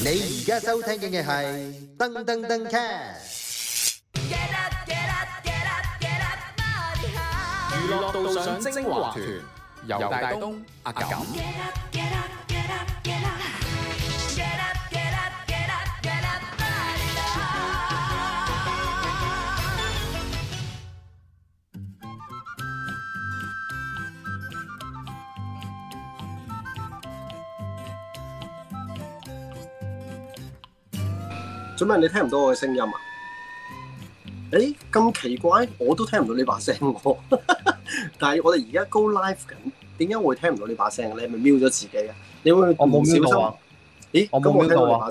你而家收聽緊嘅係《噔噔噔 cast》，娛樂導賞精華團，由大東、阿錦。做咩？麼你聽唔到我嘅聲音啊？誒，咁奇怪，我都聽唔到呢把聲、哦、 我。但係我哋而家 go live 緊，點解會聽唔到呢把聲，你係咪瞄咗自己啊？你會，唔會不我冇瞄，啊咦啊、到聲啊，啊？咦，我冇瞄到把啊？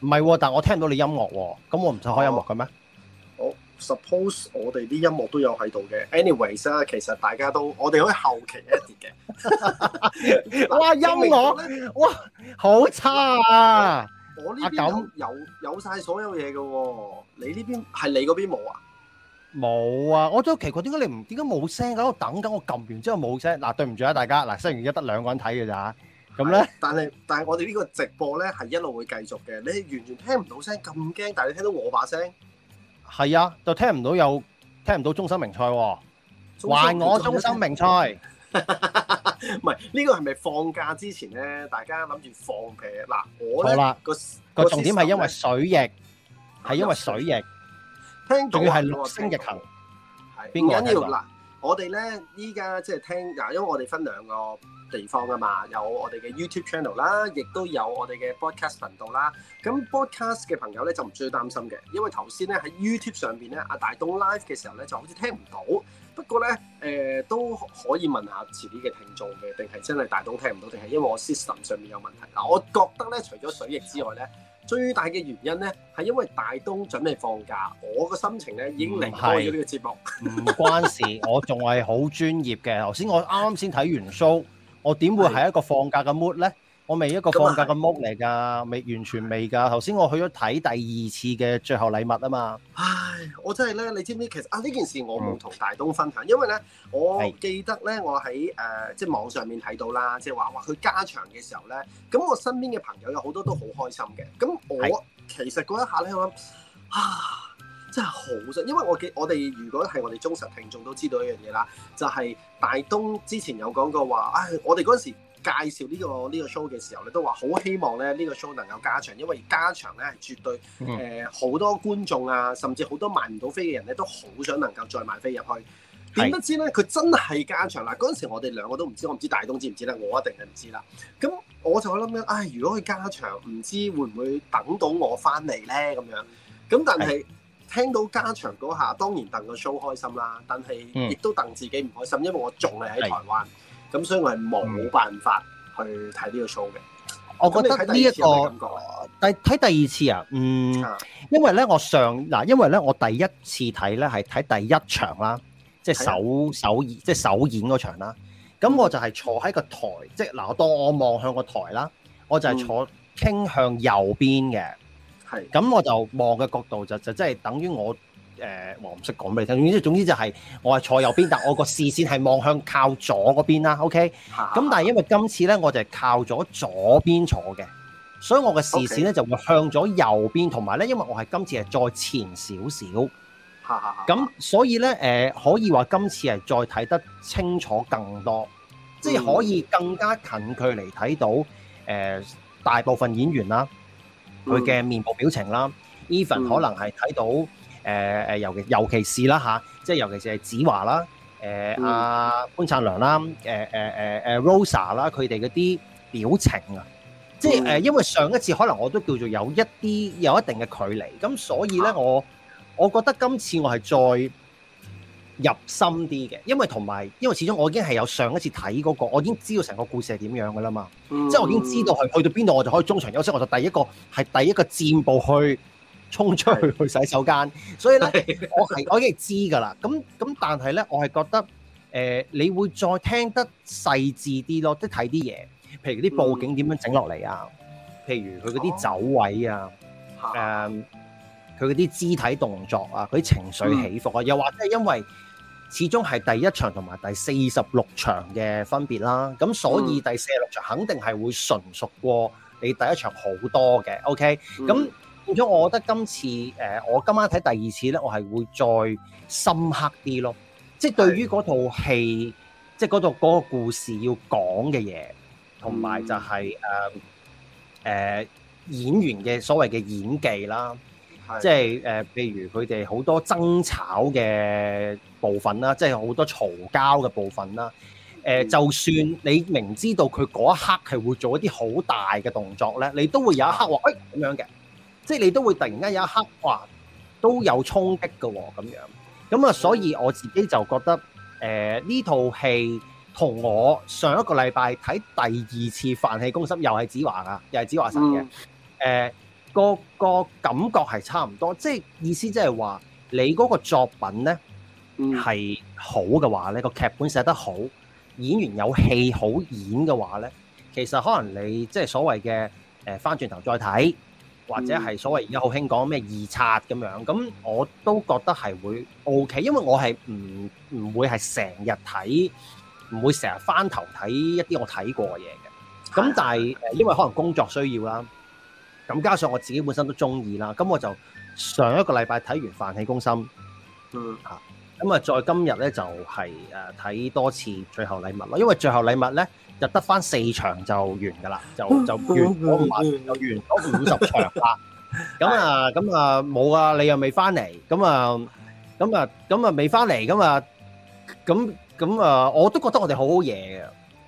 唔係喎，但係我聽唔到你音樂喎。咁我唔使開音樂嘅咩？好、啊、suppose 我哋啲音樂都有喺度嘅。Anyways 啊，其實大家都我哋可以後期 edit 嘅。 哇， 音樂哇，好差啊！ 我呢邊有有晒所有嘢嘅，你呢邊係你嗰邊冇啊？冇啊！我真係奇怪，點解你唔點解冇聲？喺度等緊我撳完之後冇聲。嗱，對唔住啊，大家嗱，而家得兩個人睇嘅咋？咁咧，但係但係我哋呢個直播咧係一路會繼續嘅。你完全聽唔到聲咁驚，但係你聽到我把聲。係啊，就聽唔到有聽唔到中心名菜喎，還我中心名菜。唔係呢個係咪放假之前咧？大家諗住放屁了。嗱吧，我咧個個重點係因為水逆，係因為水逆，仲要係六星逆行，係邊個？嗱，我哋咧依家即係聽，嗱，因為我哋分兩個地方啊嘛，有我哋嘅 YouTube channel 啦，亦都有我哋嘅 broadcast 頻道啦。咁 broadcast 嘅朋友咧就唔需要擔心嘅，因為頭先咧喺 YouTube 上邊咧，阿大東 live 嘅時候咧就好似聽唔到。不過咧、呃，都可以問下遲啲嘅聽眾嘅，定係真係大東聽唔到，定係因為我 system 上面有問題？嗱，我覺得咧，除咗水逆之外咧，最大嘅原因咧，係因為大東準備放假，我嘅心情咧已經離開咗呢個節目。唔關事， 我仲係好專業嘅。頭先我啱啱先睇完 show，我點會係一個放假嘅 mood 咧？我未一個放假嘅 mood 嚟㗎，未、嗯、完全未㗎。頭先、嗯、我去咗睇第二次嘅最後禮物啊嘛。唉，我真係咧，你知唔知道其實啊呢件事我冇同大東分享，嗯、因為咧我記得咧是我喺誒、呃、即係網上面睇到啦，即係話哇佢加場嘅時候咧，咁我身邊嘅朋友有好多都好開心嘅。咁我其實嗰一下咧，我諗啊真係好想，因為我記我哋如果係我哋忠實聽眾都知道一樣嘢啦，就係、是、大東之前有講過話唉，我哋嗰陣時。介紹呢、這個呢、這個 show 嘅時候咧，都話好希望咧呢、這個 show 能夠加場，因為加場咧係絕對誒好、嗯呃、多觀眾啊，甚至好多買唔到飛嘅人咧都好想能夠再買飛入去。點不知咧，佢是真係加場啦！嗰陣時我哋兩個都唔知，我唔知大東知唔知咧，我一定係唔知啦。咁我就諗緊，唉，如果佢加場，唔知會唔會等到我翻嚟咧？咁樣咁，但係是聽到加場嗰下，當然戥個 show 開心啦，但係亦都戥自己唔開心，因為我仲係喺台灣。咁所以我係冇辦法去睇呢個 show 嘅。我覺得呢、這、一個，第睇第二次啊，嗯，因為咧我上嗱，因為咧我第一次睇咧係睇第一場啦，即係首首即係首演嗰、就是、場啦。咁我就係坐喺個台，即係嗱，我當我望向個台啦，我就係坐傾向右邊嘅，係、嗯。咁我就望嘅角度就是、就即、是、係等於我。誒、呃，我唔識講俾你聽。總之總之就係，我係坐右邊，但我個視線係望向靠左嗰邊啦。OK，咁哈但係因為今次呢，我就係靠咗左邊坐嘅，所以我嘅視線呢就會向咗右邊，同埋呢，因為我係今次係再前少少，咁哈所以呢、呃，可以話今次係再睇得清楚更多，嗯、即係可以更加近距離睇到、呃、大部分演員啦，佢嘅面部表情啦，even、嗯、可能係睇到。誒誒、呃，尤其尤其是啦吓，即、啊、係尤其是係子華啦、誒、啊、阿潘燦良啦、誒誒誒誒 Rosa 啦，佢哋嗰啲表情啊，即係，誒，因為上一次可能我都叫做有一啲有一定嘅距離，咁所以咧，我我覺得今次我係再入心啲嘅，因為同埋因為始終我已經係有上一次睇嗰、那個，我已經知道成個故事係點樣噶啦嘛，嗯、即係我已經知道係去，去到邊度，我就可以中場休息，我就第一個，係第一個箭步去。衝出去去洗手間，是所以咧是我係我已經知㗎啦。咁咁，但係咧我係覺得誒、呃，你會再聽得細緻啲咯，即係睇啲嘢，譬如啲布景點樣整落嚟啊，譬如佢嗰啲走位啊，誒，佢嗰啲肢體動作啊，佢情緒起伏啊，嗯、又或者係因為始終係第一場同埋第四十六場嘅分別啦，咁所以第四十六場肯定係會純熟過你第一場好多嘅。OK，咁、嗯。嗯咁我覺得今次誒，我今晚睇第二次呢，我係會再深刻啲咯。即係對於嗰套戲，即係嗰套嗰個故事要講嘅嘢，同埋、嗯、就係誒誒演員嘅所謂嘅演技啦。即係誒，譬、呃、如佢哋好多爭吵嘅部分啦，即係好多嘈交嘅部分啦。誒、呃，就算你明知道佢嗰一刻係會做一啲好大嘅動作呢，你都會有一刻話誒咁樣嘅。即係你都會突然間有一刻話都有衝擊嘅喎、哦，咁樣咁啊，所以我自己就覺得誒呢套戲同我上一個禮拜睇第二次《飯戲攻心》又係子華噶，又係子華神嘅誒個個感覺係差唔多，即係意思即係話你嗰個作品咧係好嘅話咧，個劇本寫得好，演員有戲好演嘅話咧，其實可能你即係所謂嘅誒翻轉頭再睇。或者係所謂而家好興講咩二刷咁樣，咁我都覺得係會 OK，因為我係唔唔會係成日睇，唔會成日翻頭睇一啲我睇過嘅嘢嘅。咁但係誒，因為可能工作需要啦，咁加上我自己本身都中意啦，咁我就上一個禮拜睇完《飯氣攻心》，嗯吓咁啊！再今日咧，就係誒睇多次最後禮物咯。因為最後禮物咧就得翻四場就完噶啦，就就完。我唔係又完咗五十場啦。咁啊，咁啊冇啊！你又未翻嚟？咁啊，咁啊，咁啊未翻嚟？咁啊，咁咁啊，我都覺得我哋好好嘢嘅。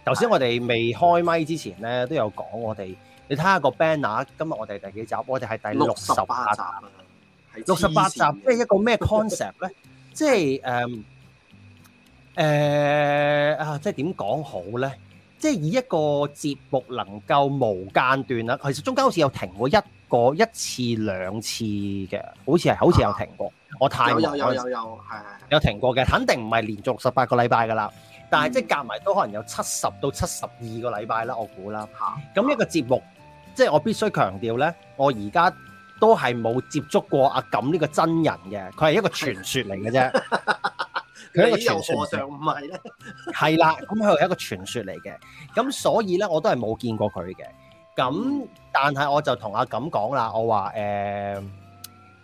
頭先我哋未開麥之前咧，都有講我哋。你睇下個 banner，今日我哋第幾集？我哋係第六十八集啊，係六十八集，即係一個咩 concept 咧？即係誒誒啊！即係點講好咧？即係以一個節目能夠無間斷啦。其實中間好似有停過一個一次兩次嘅，好似係好似有停過。啊、我太有有有有的有停過嘅，肯定唔係連續六十八個禮拜噶啦。但係即係夾埋都可能有七十到七十二個禮拜啦，我估啦。嚇、啊！咁一個節目，啊、即係我必須強調咧，我而家。都係冇接觸過阿錦呢個真人嘅，佢係一個傳說嚟嘅啫。佢係 一個傳說。上唔係咧。係 啦，咁佢係一個傳說嚟嘅。咁所以咧，我都係冇見過佢嘅。咁但係我就同阿錦講啦，我話誒、呃，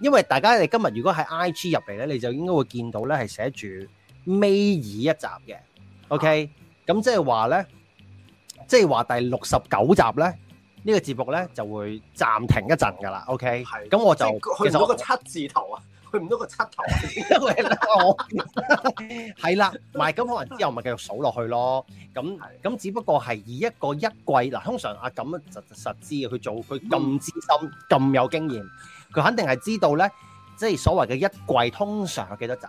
因為大家你今日如果喺 IG 入嚟咧，你就應該會見到咧係寫住尾二一集嘅。啊、OK，咁即係話咧，即係話第六十九集咧。呢個節目咧就會暫停一陣㗎啦，OK？係的，咁我就其實嗰個七字頭啊，我去唔到個七頭，係啦，唔咁可能之後咪繼續數落去咯。咁咁的只不過係以一個一季嗱，通常阿咁實實知嘅，做佢咁資深、咁、嗯、有經驗，佢肯定係知道咧，即係所謂嘅一季通常有幾多集。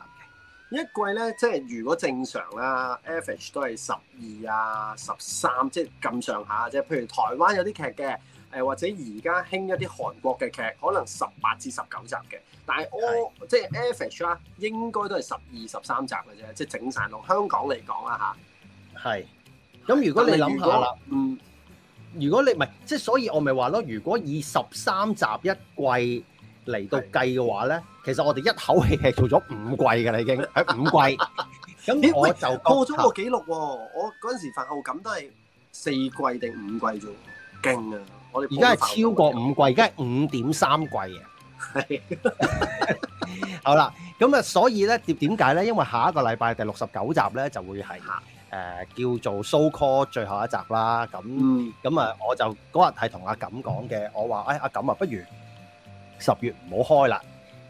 一季咧，即係如果正常啦 average 都係十二啊、十三，即係咁上下即啫。譬如台灣有啲劇嘅，誒、呃、或者而家興一啲韓國嘅劇，可能十八至十九集嘅。但係我是即係 average 啦，應該都係十二十三集嘅啫，即係整散落香港嚟講啦吓，係是。咁是如果你諗下啦，嗯，如果你唔係，即係所以我咪話咯，如果以十三集一季，嚟到計嘅話咧，其實我哋一口氣係做咗五季嘅啦，已經係五季。咁我就破咗個紀錄喎！我嗰陣時凡浩咁都係四季定五季啫，勁啊！我哋而家係超過五季，而家係五點三季啊！係。好啦，咁啊，所以咧點點解咧？因為下一個禮拜第六十九集咧就會係誒叫做 so call 最後一集啦。咁咁啊，我就嗰日係同阿錦講嘅，我話，哎，阿錦啊，不如。十月唔好開啦，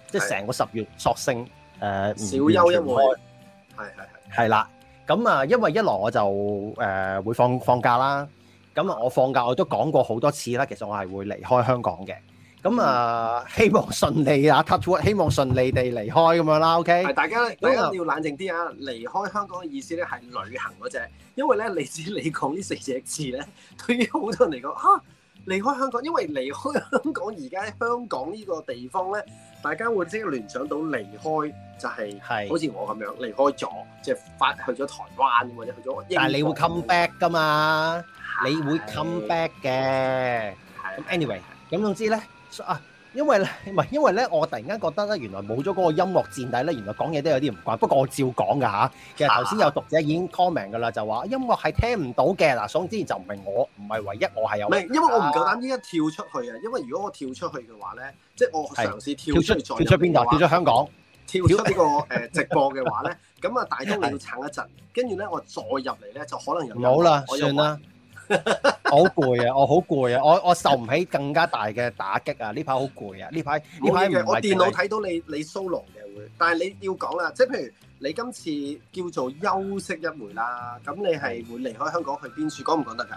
即係成個十月索性誒少休一會、呃、開，係係係係啦。咁啊，因為一來我就誒、呃、會放放假啦，咁啊我放假我都講過好多次啦。其實我係會離開香港嘅，咁啊、呃、的希望順利啊 touch wood 希望順利地離開咁樣啦。OK，大家一定要冷靜啲啊！離開香港嘅意思咧係旅行嗰隻，因為咧你知你講呢四隻字咧，對於好多人嚟講嚇。啊離開香港，因為離開香港而家香港呢個地方咧，大家會即刻聯想到離開就係，好似我咁樣離開咗，即係發去咗台灣或者去咗英國。但係你會 come back 噶嘛？是的 你會 come back 嘅。咁 anyway，咁總之咧，啊。因為咧，唔係因為咧，我突然間覺得咧，原來冇咗嗰個音樂墊底咧，原來講嘢都有啲唔慣。不過我照講㗎嚇。其實頭先有讀者已經 comment 㗎啦，就話音樂係聽唔到嘅嗱，所以之前就唔係我，唔係唯一我係有的。唔係，因為我唔夠膽呢一跳出去啊！因為如果我跳出去嘅話咧，即係我嘗試跳出去再跳出邊度？跳出香港？跳出呢個誒直播嘅話咧，咁啊，大功要撐一陣，跟住咧我再入嚟咧就可能有。冇啦，算啦。 我好攰啊！我好攰啊！我我受唔起更加大嘅打擊啊！呢排好攰啊！呢排呢排唔係我電腦睇到你你 solo 嘅會，但係你要講啦，即係譬如你今次叫做休息一回啦，咁你係會離開香港去邊處？講唔講得㗎？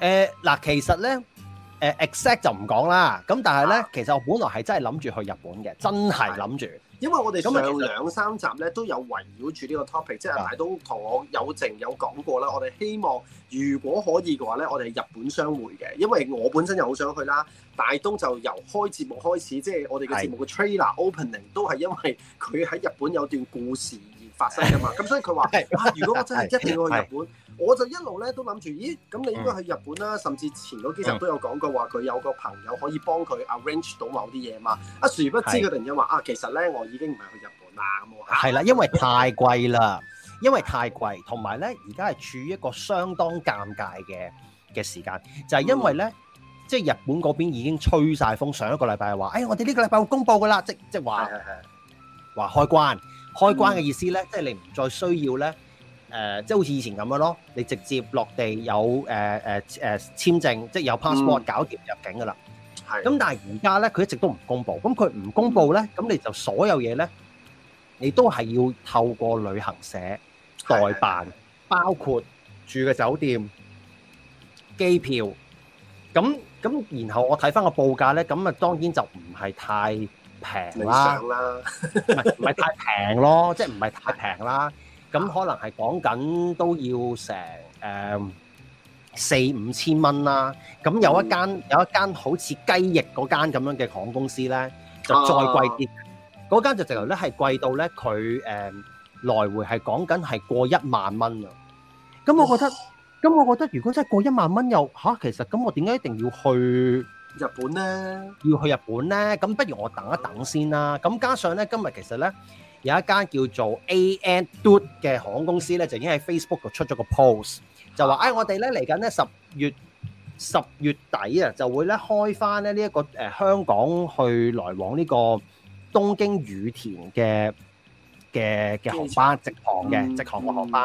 誒嗱、呃，其實咧。except 就唔講啦，咁但係咧，啊、其實我本來係真係諗住去日本嘅，真係諗住。因為我哋上兩三集咧都有圍繞住呢個 topic，即係的大東同我有靜有講過啦。我哋希望如果可以嘅話咧，我哋日本相會嘅，因為我本身就好想去啦。大東就由開節目開始，即、就、係、是、我哋嘅節目嘅 trailer opening 的都係因為佢喺日本有段故事。發生噶嘛？咁所以佢話：啊，如果我真係一定要去日本，我就一路咧都諗住，咦？咁你應該去日本啦。甚至前嗰幾集都有講過話，佢有個朋友可以幫佢 arrange 到某啲嘢嘛。阿、啊、殊不知佢突然間話：是啊，其實咧，我已經唔係去日本啦。咁喎，係啦，因為太貴啦，因為太貴，同埋咧，而家係處於一個相當尷尬嘅嘅時間，就係、是、因為咧，嗯、即係日本嗰邊已經吹晒風，上一個禮拜話：哎我哋呢個禮拜會公佈噶啦，即即話話開關。開關嘅意思咧，即係你唔再需要咧，即係好似以前咁樣咯，你直接落地有誒誒誒簽證，即係有 passport 搞掂入境噶啦。係、嗯。咁但係而家咧，佢一直都唔公布。咁佢唔公布咧，咁你就所有嘢咧，你都係要透過旅行社代辦，的包括住嘅酒店、機票。咁咁，然後我睇翻個報價咧，咁啊當然就唔係太。平想啦，唔係唔係太平咯，即係唔係太平、呃、啦。咁可能係講緊都要成誒四五千蚊啦。咁有一間、嗯、有一間好似雞翼嗰間咁樣嘅航空公司咧，就再貴啲。嗰、啊、間就直頭咧係貴到咧佢誒來回係講緊係過一萬蚊啊！咁我覺得，咁哇我覺得如果真係過一萬蚊又吓、啊，其實咁我點解一定要去？日本咧，要去日本咧，咁不如我等一等先啦。咁加上咧，今日其實咧有一間叫做 A N Do o d 嘅航空公司咧，就已經喺 Facebook 度出咗個 post，就話：，哎，我哋咧嚟緊咧十月十月底啊，就會咧開返咧呢一個誒、呃、香港去來往呢個東京羽田嘅嘅嘅航班，著直航嘅、嗯、直航嘅航班。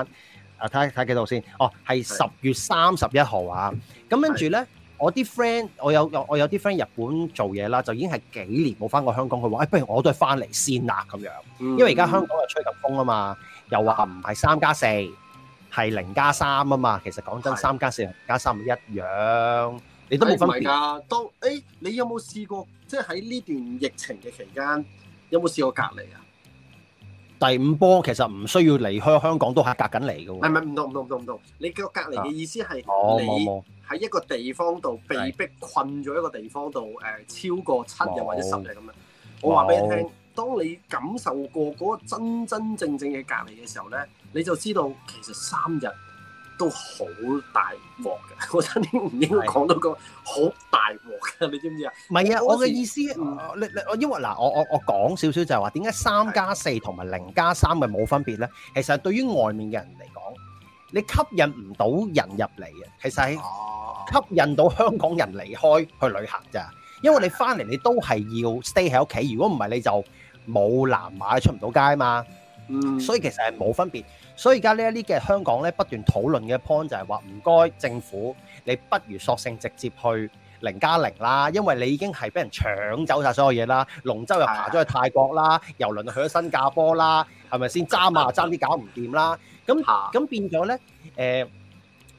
啊、嗯，睇、嗯、睇幾度先？哦，係十月三十一號啊。咁跟住咧。我啲 friend，我有有我有啲 friend 日本做嘢啦，就已經係幾年冇返過香港。佢話：，誒、哎，不如我都係返嚟先啦、啊、咁樣。因為而家香港又吹緊風啊嘛，又話唔係三加四，係零加三啊嘛。其實講真，三加四同加三唔一樣，你都冇分別。當誒、欸，你有冇試過即係喺呢段疫情嘅期間，有冇試過隔離啊？第五波其實唔需要離開香港，都係隔緊嚟嘅喎。係咪唔同唔同唔同唔，你個隔離嘅意思係你喺一個地方度被逼困咗一個地方度誒、啊、超過七日或者十日咁樣。有我話俾你聽，當你感受過嗰個真真正正嘅隔離嘅時候咧，你就知道其實三日，都好大鑊嘅，我真啲唔應該講到個好大鑊啊！你知唔知啊？唔係啊，我嘅意思，你你我因為嗱，我我我講少少就係話點解三加四同埋零加三嘅冇分別咧？其實對於外面嘅人嚟講，你吸引唔到人入嚟啊！其實係吸引到香港人離開去旅行咋，因為你翻嚟你都係要 stay 喺屋企，如果唔係你就冇藍碼出唔到街啊嘛。嗯，所以其實係冇分別。所以而家呢一啲嘅香港咧不斷討論嘅 point 就係話唔該政府，你不如索性直接去零加零啦，因為你已經係俾人搶走晒所有嘢啦，龍舟又爬咗去泰國啦，郵輪去咗新加坡啦，係咪先爭啊爭啲搞唔掂啦？咁咁變咗咧，誒，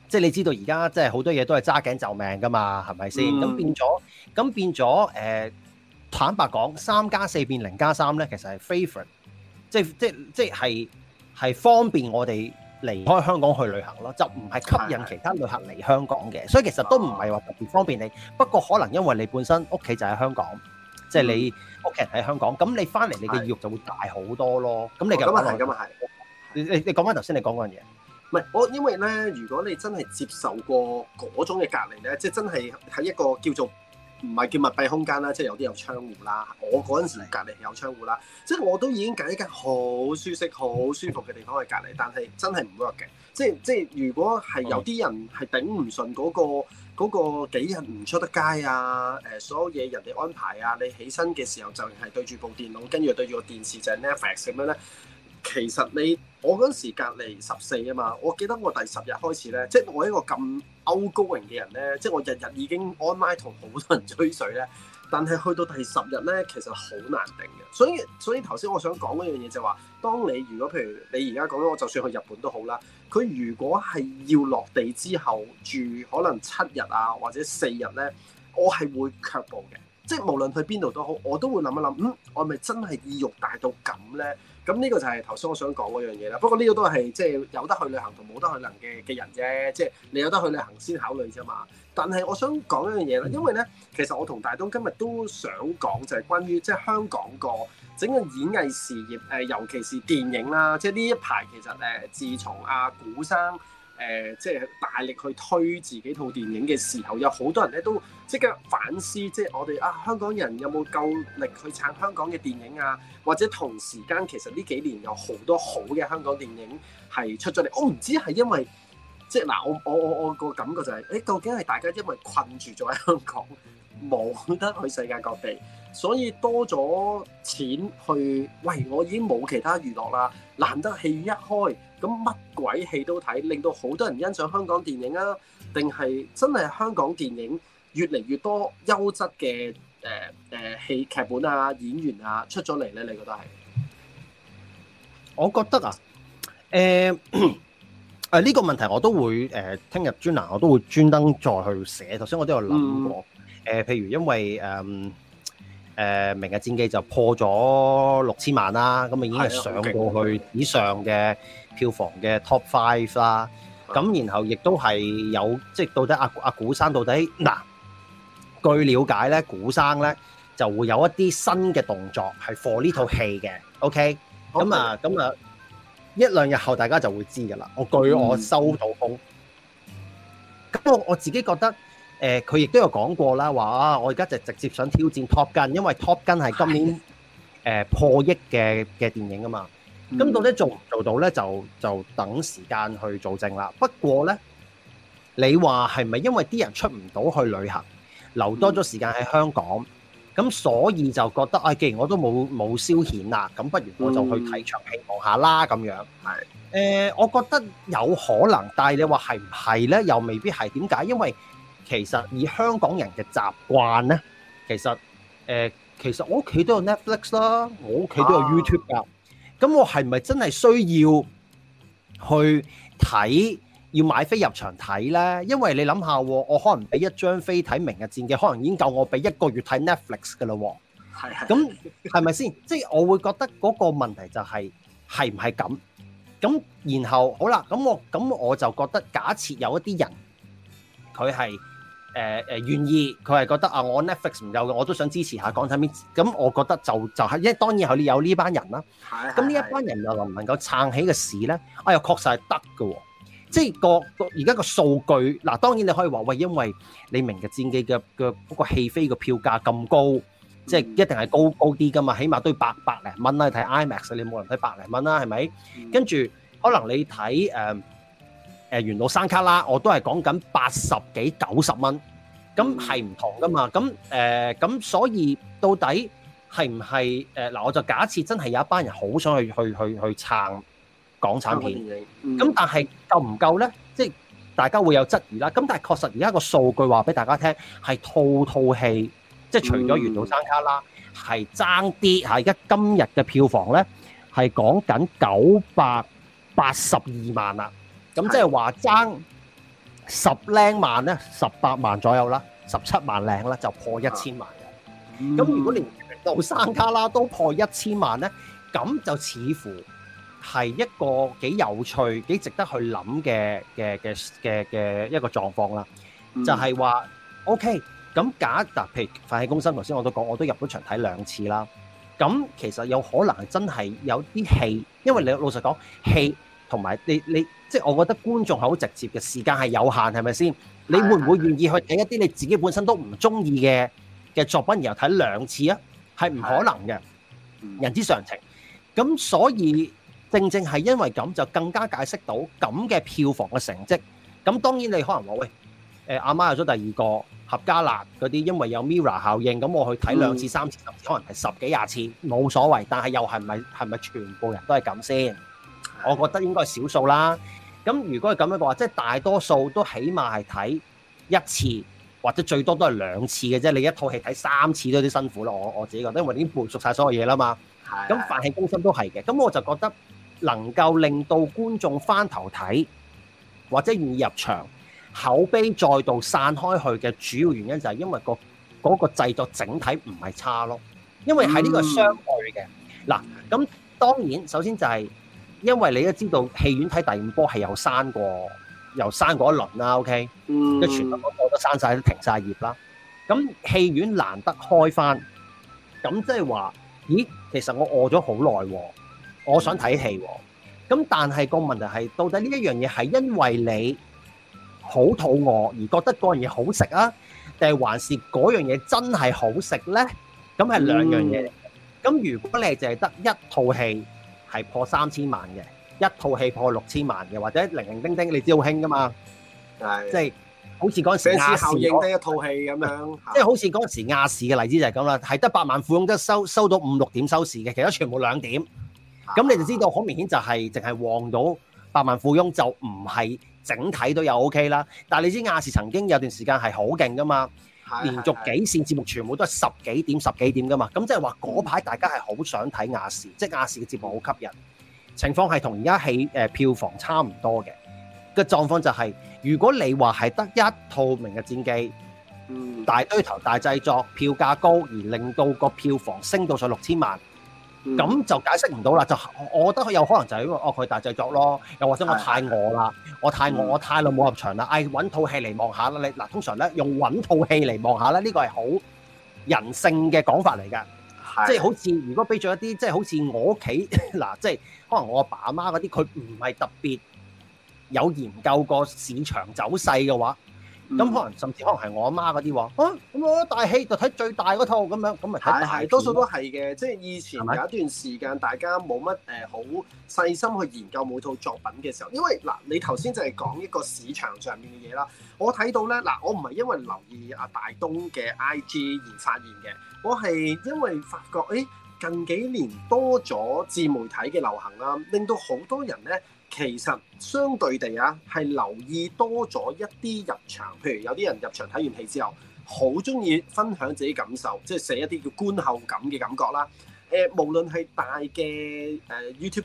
即係你知道而家即係好多嘢都係揸頸就命噶嘛，係咪先？咁變咗，咁變咗誒，坦白講，三加四變零加三咧，其實係 favourite，即係即係即係係。係方便我哋離開香港去旅行咯，就唔係吸引其他旅客嚟香港嘅，嗯、所以其實都唔係話特別方便你。嗯、不過可能因為你本身屋企就喺香港，即係、嗯、你屋企人喺香港，咁你翻嚟你嘅意欲就會大好多咯。咁、嗯、你嘅咁係，咁你你講翻頭先你講嗰樣嘢，唔係我因為咧，如果你真係接受過嗰種嘅隔離咧，即、就、係、是、真係喺一個叫做。唔係叫密閉空間啦，即係有啲有窗戶啦。我嗰陣時隔離有窗戶啦，即係的我都已經揀一間好舒適、好舒服嘅地方去隔離，但係真係唔 work 嘅。即係即係，如果係有啲人係頂唔順嗰個嗰個幾日唔出得街啊，誒所有嘢人哋安排啊，你起身嘅時候就係對住部電腦，跟住對住個電視就係 Netflix 咁樣咧。其實你我嗰陣時隔離十四啊嘛，我記得我第十日開始咧，即係我一個咁 outgoing 嘅人咧，即係我日日已經 online 同好多人吹水咧，但係去到第十日咧，其實好難定嘅。所以所以頭先我想講一樣嘢就係話，當你如果譬如你而家講緊，我就算去日本都好啦，佢如果係要落地之後住可能七日啊或者四日咧，我係會卻步嘅。即係無論去邊度都好，我都會諗一諗，嗯，我係咪真係意欲大到咁咧？咁呢個就係頭先我想講嗰樣嘢啦。不過呢個都係即係有得去旅行同冇得去能嘅嘅人啫。即係你有得去旅行先考慮啫嘛。但係我想講一樣嘢啦，因為咧，其實我同大東今日都想講就係關於即係香港個整個演藝事業，呃，尤其是電影啦。即係呢一排其實誒，自從阿古生。呃，即係大力去推自己套電影嘅時候，有好多人咧都即刻反思，即係我哋啊香港人有冇夠力去撐香港嘅電影啊？或者同時間其實呢幾年有好多好嘅香港電影係出咗嚟，我唔知係因為即係嗱，我我我個感覺就係，誒，究竟係大家因為困住咗喺香港，冇得去世界各地，所以多咗錢去，喂，我已經冇其他娛樂啦，難得戲院一開。咁乜鬼戲都睇，令到好多人欣賞香港電影啊？定係真係香港電影越嚟越多優質嘅誒誒戲劇本啊、演員啊出咗嚟咧？你覺得係？我覺得啊，誒啊呢個問題我都會誒聽日專欄我都會專登再去寫。頭先我都有諗過，誒、嗯呃、譬如因為誒。呃誒《明日戰記》就破咗六千萬啦，咁已經係上過去以上嘅票房嘅 Top Five 啦。咁然後亦都係有，即係到底阿阿古生到底嗱，據了解咧，古生咧就會有一啲新嘅動作係 for 呢套戲嘅。OK，咁啊，咁啊，一兩日後大家就會知㗎啦。我據我收到風，咁我我自己覺得。誒佢亦都有講過啦，話啊，我而家就直接想挑戰 Top Gun，因為 Top Gun 係今年是的、呃、破億嘅嘅電影啊嘛。咁到底做唔做到呢？就就等時間去做證啦。不過呢，你話係咪因為啲人出唔到去旅行，留多咗時間喺香港，咁、嗯、所以就覺得啊、哎，既然我都冇冇消遣啦，咁不如我就去睇場戲望下啦咁樣、呃。我覺得有可能，但係你話係唔係呢？又未必係點解？因為其實以香港人嘅習慣呢，其實誒、呃、其實我屋企都有 Netflix 啦，我屋企都有 YouTube 㗎。咁、啊、我係咪真係需要去睇要買飛入場睇呢？因為你諗下，我可能俾一張飛睇《明日戰記》，可能已經夠我俾一個月睇 Netflix 㗎啦。係係是的 那。係咪先？即係 我會覺得嗰個問題就係係唔係咁？咁然後好啦，咁我咁我就覺得，假設有一啲人佢係。誒誒、呃呃、願意，佢係覺得啊，我 Netflix 唔夠，我都想支持下港產片。咁我覺得就就係，因為當然係你有呢班人啦、啊。咁呢的、嗯、一班人又能唔能夠撐起個市咧？哎呀，確實係得嘅。即係個而家個數據，嗱、啊、當然你可以話喂，因為你明日戰記嘅嘅嗰個戲飛嘅票價咁高，嗯、即係一定係高高啲噶嘛，起碼都要百百零蚊啦。睇 IMAX 你冇人睇百零蚊啦，係咪？嗯、跟住可能你睇誒。呃誒，緣路山旮旯，我都係講緊八十幾九十蚊，咁係唔同噶嘛？咁誒，咁所以到底係唔係誒嗱？我就假設真係有一班人好想去去去去撐港產片，咁但係夠唔夠呢？即係大家會有質疑啦。咁但係確實而家個數據話俾大家聽，係套套戲，即係除咗緣路山旮旯，係爭啲嚇，而家今日嘅票房呢係講緊九百八十二萬啦。咁即係話爭十零萬咧，十八萬左右啦，十七萬零啦就破一千萬嘅。咁、嗯、如果連到生卡啦都破一千萬咧，咁就似乎係一個幾有趣、幾值得去諗嘅嘅嘅嘅嘅一個狀況啦。嗯、就係話 O K，咁假嗱，譬如泛系公司，頭先我都講，我都入咗場睇兩次啦。咁其實有可能真係有啲戲，因為你老實講戲同埋你你即係、就是、我覺得觀眾係好直接嘅，時間係有限係咪先？你會唔會願意去睇一啲你自己本身都唔鍾意嘅嘅作品，然後睇兩次啊？係唔可能嘅，人之常情。咁所以正正係因為咁，就更加解釋到咁嘅票房嘅成績。咁當然你可能話喂，誒阿媽有咗第二個《合家樂》嗰啲，因為有 MIRROR 效應，咁我去睇兩次、三次甚至可能係十幾廿次冇所謂。但係又係咪係咪全部人都係咁先？我覺得應該係少數啦。咁如果係咁樣嘅話，即係大多數都起碼係睇一次，或者最多都係兩次嘅啫。你一套戲睇三次都有啲辛苦啦。我我自己覺得，因為已經背熟晒所有嘢啦嘛。咁泛起公心都係嘅。咁我就覺得能夠令到觀眾翻頭睇，或者願意入場，口碑再度散開去嘅主要原因就係因為個嗰個製作整體唔係差咯。因為喺呢個是相對嘅嗱，咁、嗯、當然首先就係、是。因為你都知道戲院睇第五波係有閂過，有閂嗰一輪啦，OK，即係全部嗰個都閂曬，都停曬業啦。咁戲院難得開翻，咁即係話，咦，其實我餓咗好耐，我想睇戲。咁但係個問題係，到底呢一樣嘢係因為你好肚餓而覺得嗰樣嘢好食啊，定係還是嗰樣嘢真係好食咧？咁係兩樣嘢。咁如果你淨係得一套戲。係破三千萬嘅一套戲，破六千萬嘅或者零零丁丁，你知好興㗎嘛？係即係好似嗰陣時亞視，即係一套戲咁樣。即係是是好似嗰陣時亞視嘅例子就係咁啦，係得百萬富翁都收收到五六點收視嘅，其他全部兩點。咁是、啊、你就知道好明顯就係淨係旺到百萬富翁就唔係整體都有 O K 啦。但係你知道亞視曾經有段時間係好勁㗎嘛。連續幾線節目全部都係十幾點十幾點㗎嘛，咁即係話嗰排大家係好想睇亞視，即係亞視嘅節目好吸引。情況係同而家戲票房差唔多嘅，嘅狀況就係、是、如果你話係得一套明日戰記，嗯、大堆頭大製作，票價高而令到個票房升到上六千萬。咁、嗯、就解釋唔到啦，就我覺得佢有可能就係因為哦佢大製作咯，又或者我太餓啦，的我太餓，嗯、我太耐冇入場啦，誒、哎、揾套戲嚟望下啦，你嗱、啊、通常咧用揾套戲嚟望下咧，呢、呢個係好人性嘅講法嚟㗎，即係的好似如果俾咗一啲即係好似我屋企嗱，即、啊、係、就是、可能我阿爸阿媽嗰啲，佢唔係特別有研究過市場走勢嘅話。咁、嗯、可能甚至可能係我阿媽嗰啲喎，咁、啊、我大戲就睇最大嗰套咁樣，咁咪睇係多數都係嘅，即係以前有一段時間是是大家冇乜好細心去研究每套作品嘅時候，因為嗱你頭先就係講一個市場上面嘅嘢啦，我睇到咧嗱，我唔係因為留意阿大東嘅 IG 而發現嘅，我係因為發覺誒、欸、近幾年多咗自媒體嘅流行啦，令到好多人咧。其實相對地啊，係留意多咗一啲入場，譬如有啲人入場睇完戲之後，好中意分享自己感受，即係寫一啲叫觀後感嘅感覺啦。誒、呃，無論係大嘅誒 YouTube、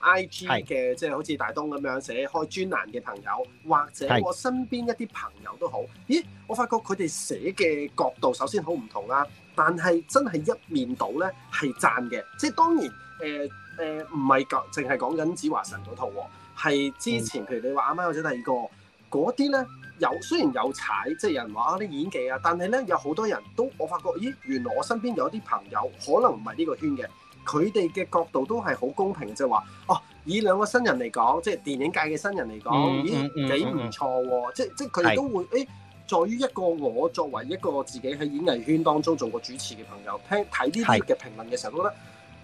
呃、YouTuber, IG 嘅，即係是好似大東咁樣寫開專欄嘅朋友，或者我身邊一啲朋友都好。是咦，我發覺佢哋寫嘅角度首先好唔同啦、啊，但係真係一面倒咧係讚嘅，即係當然誒。呃誒唔係講淨係講緊《呃、不是子華神》嗰套喎，係之前譬如你話啱啱或者第二個嗰啲咧，有雖然有踩，即係有人話啲、啊、演技啊，但係咧有好多人都我發覺，咦，原來我身邊有啲朋友可能唔係呢個圈嘅，佢哋嘅角度都係好公平，即係話哦，以兩個新人嚟講，即係電影界嘅新人嚟講，咦、嗯嗯嗯、幾唔錯喎、啊嗯嗯嗯，即即佢哋都會誒是的、欸，在於一個我作為一個自己喺演藝圈當中做過主持嘅朋友，聽睇呢啲嘅評論嘅時候呢，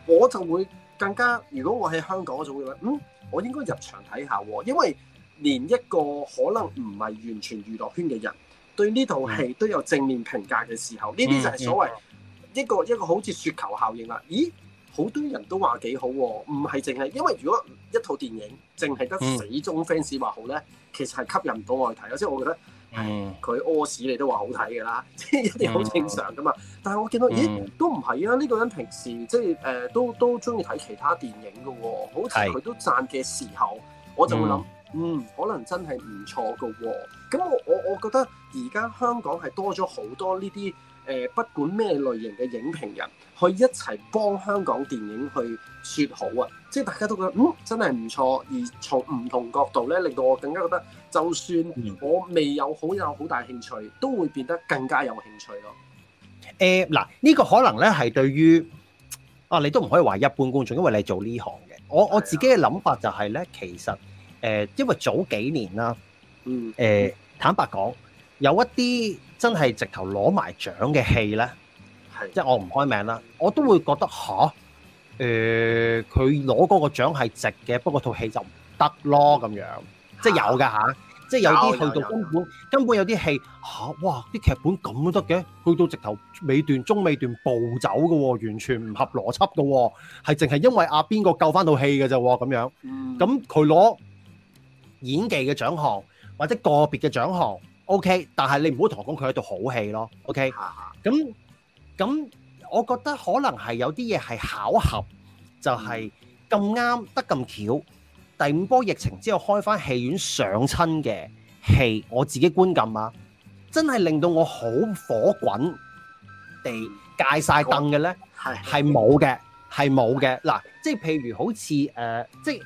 覺得是的 我就會。更加，如果我喺香港嗰種會話，嗯，我應該入場睇下喎，因為連一個可能唔係完全娛樂圈嘅人對呢套戲都有正面評價嘅時候，呢啲就係所謂一個一個好似雪球效應啦、啊。咦，好多人都話幾好喎、啊，唔係淨係因為如果一套電影淨係得死忠 fans 話好咧，其實係吸引唔到我去睇。即係我覺得。嗯，佢屙屎你都話好睇㗎啦，即係一定好正常噶嘛。嗯、但係我見到，咦，都唔係啊！呢、這個人平時即係誒都都中意睇其他電影嘅喎、哦，好似佢都贊嘅時候，是我就會諗，嗯，嗯，可能真係唔錯嘅喎。咁我我我覺得而家香港係多咗好多呢啲誒，不管咩類型嘅影評人，去一齊幫香港電影去説好啊！即係大家都覺得，嗯，真係唔錯，而從唔同角度咧，令到我更加覺得。就算我未有好有好大興趣，嗯、都會變得更加有興趣咯。誒嗱、呃，呢、這個可能咧係對於啊，你都唔可以話一般觀眾，因為你做呢行嘅。我、啊、我自己嘅諗法就係、是、呢，其實誒、呃，因為早幾年啦，誒、嗯呃、坦白講，有一啲真係直頭攞埋獎嘅戲呢，的即係我唔開名啦，嗯、我都會覺得吓，誒，佢攞嗰個獎係值嘅，不過套戲就唔得咯咁樣。即係有㗎吓，即係有啲去到根本根本有啲戲吓，哇！啲劇本咁都得嘅，去到直頭尾段、中尾段暴走嘅，完全唔合邏輯嘅，係淨係因為阿邊個救翻到戲㗎咋喎咁樣。咁佢攞演技嘅獎項或者個別嘅獎項 OK，但係你唔好同我講佢喺度好戲咯 OK。咁咁，我覺得可能係有啲嘢係巧合，就係咁啱得咁巧。第五波疫情之後開翻戲院上親嘅戲，我自己觀感啊，真係令到我好火滾地戒晒凳嘅咧，係冇嘅，係冇嘅。嗱，即係譬如好似誒、呃，即係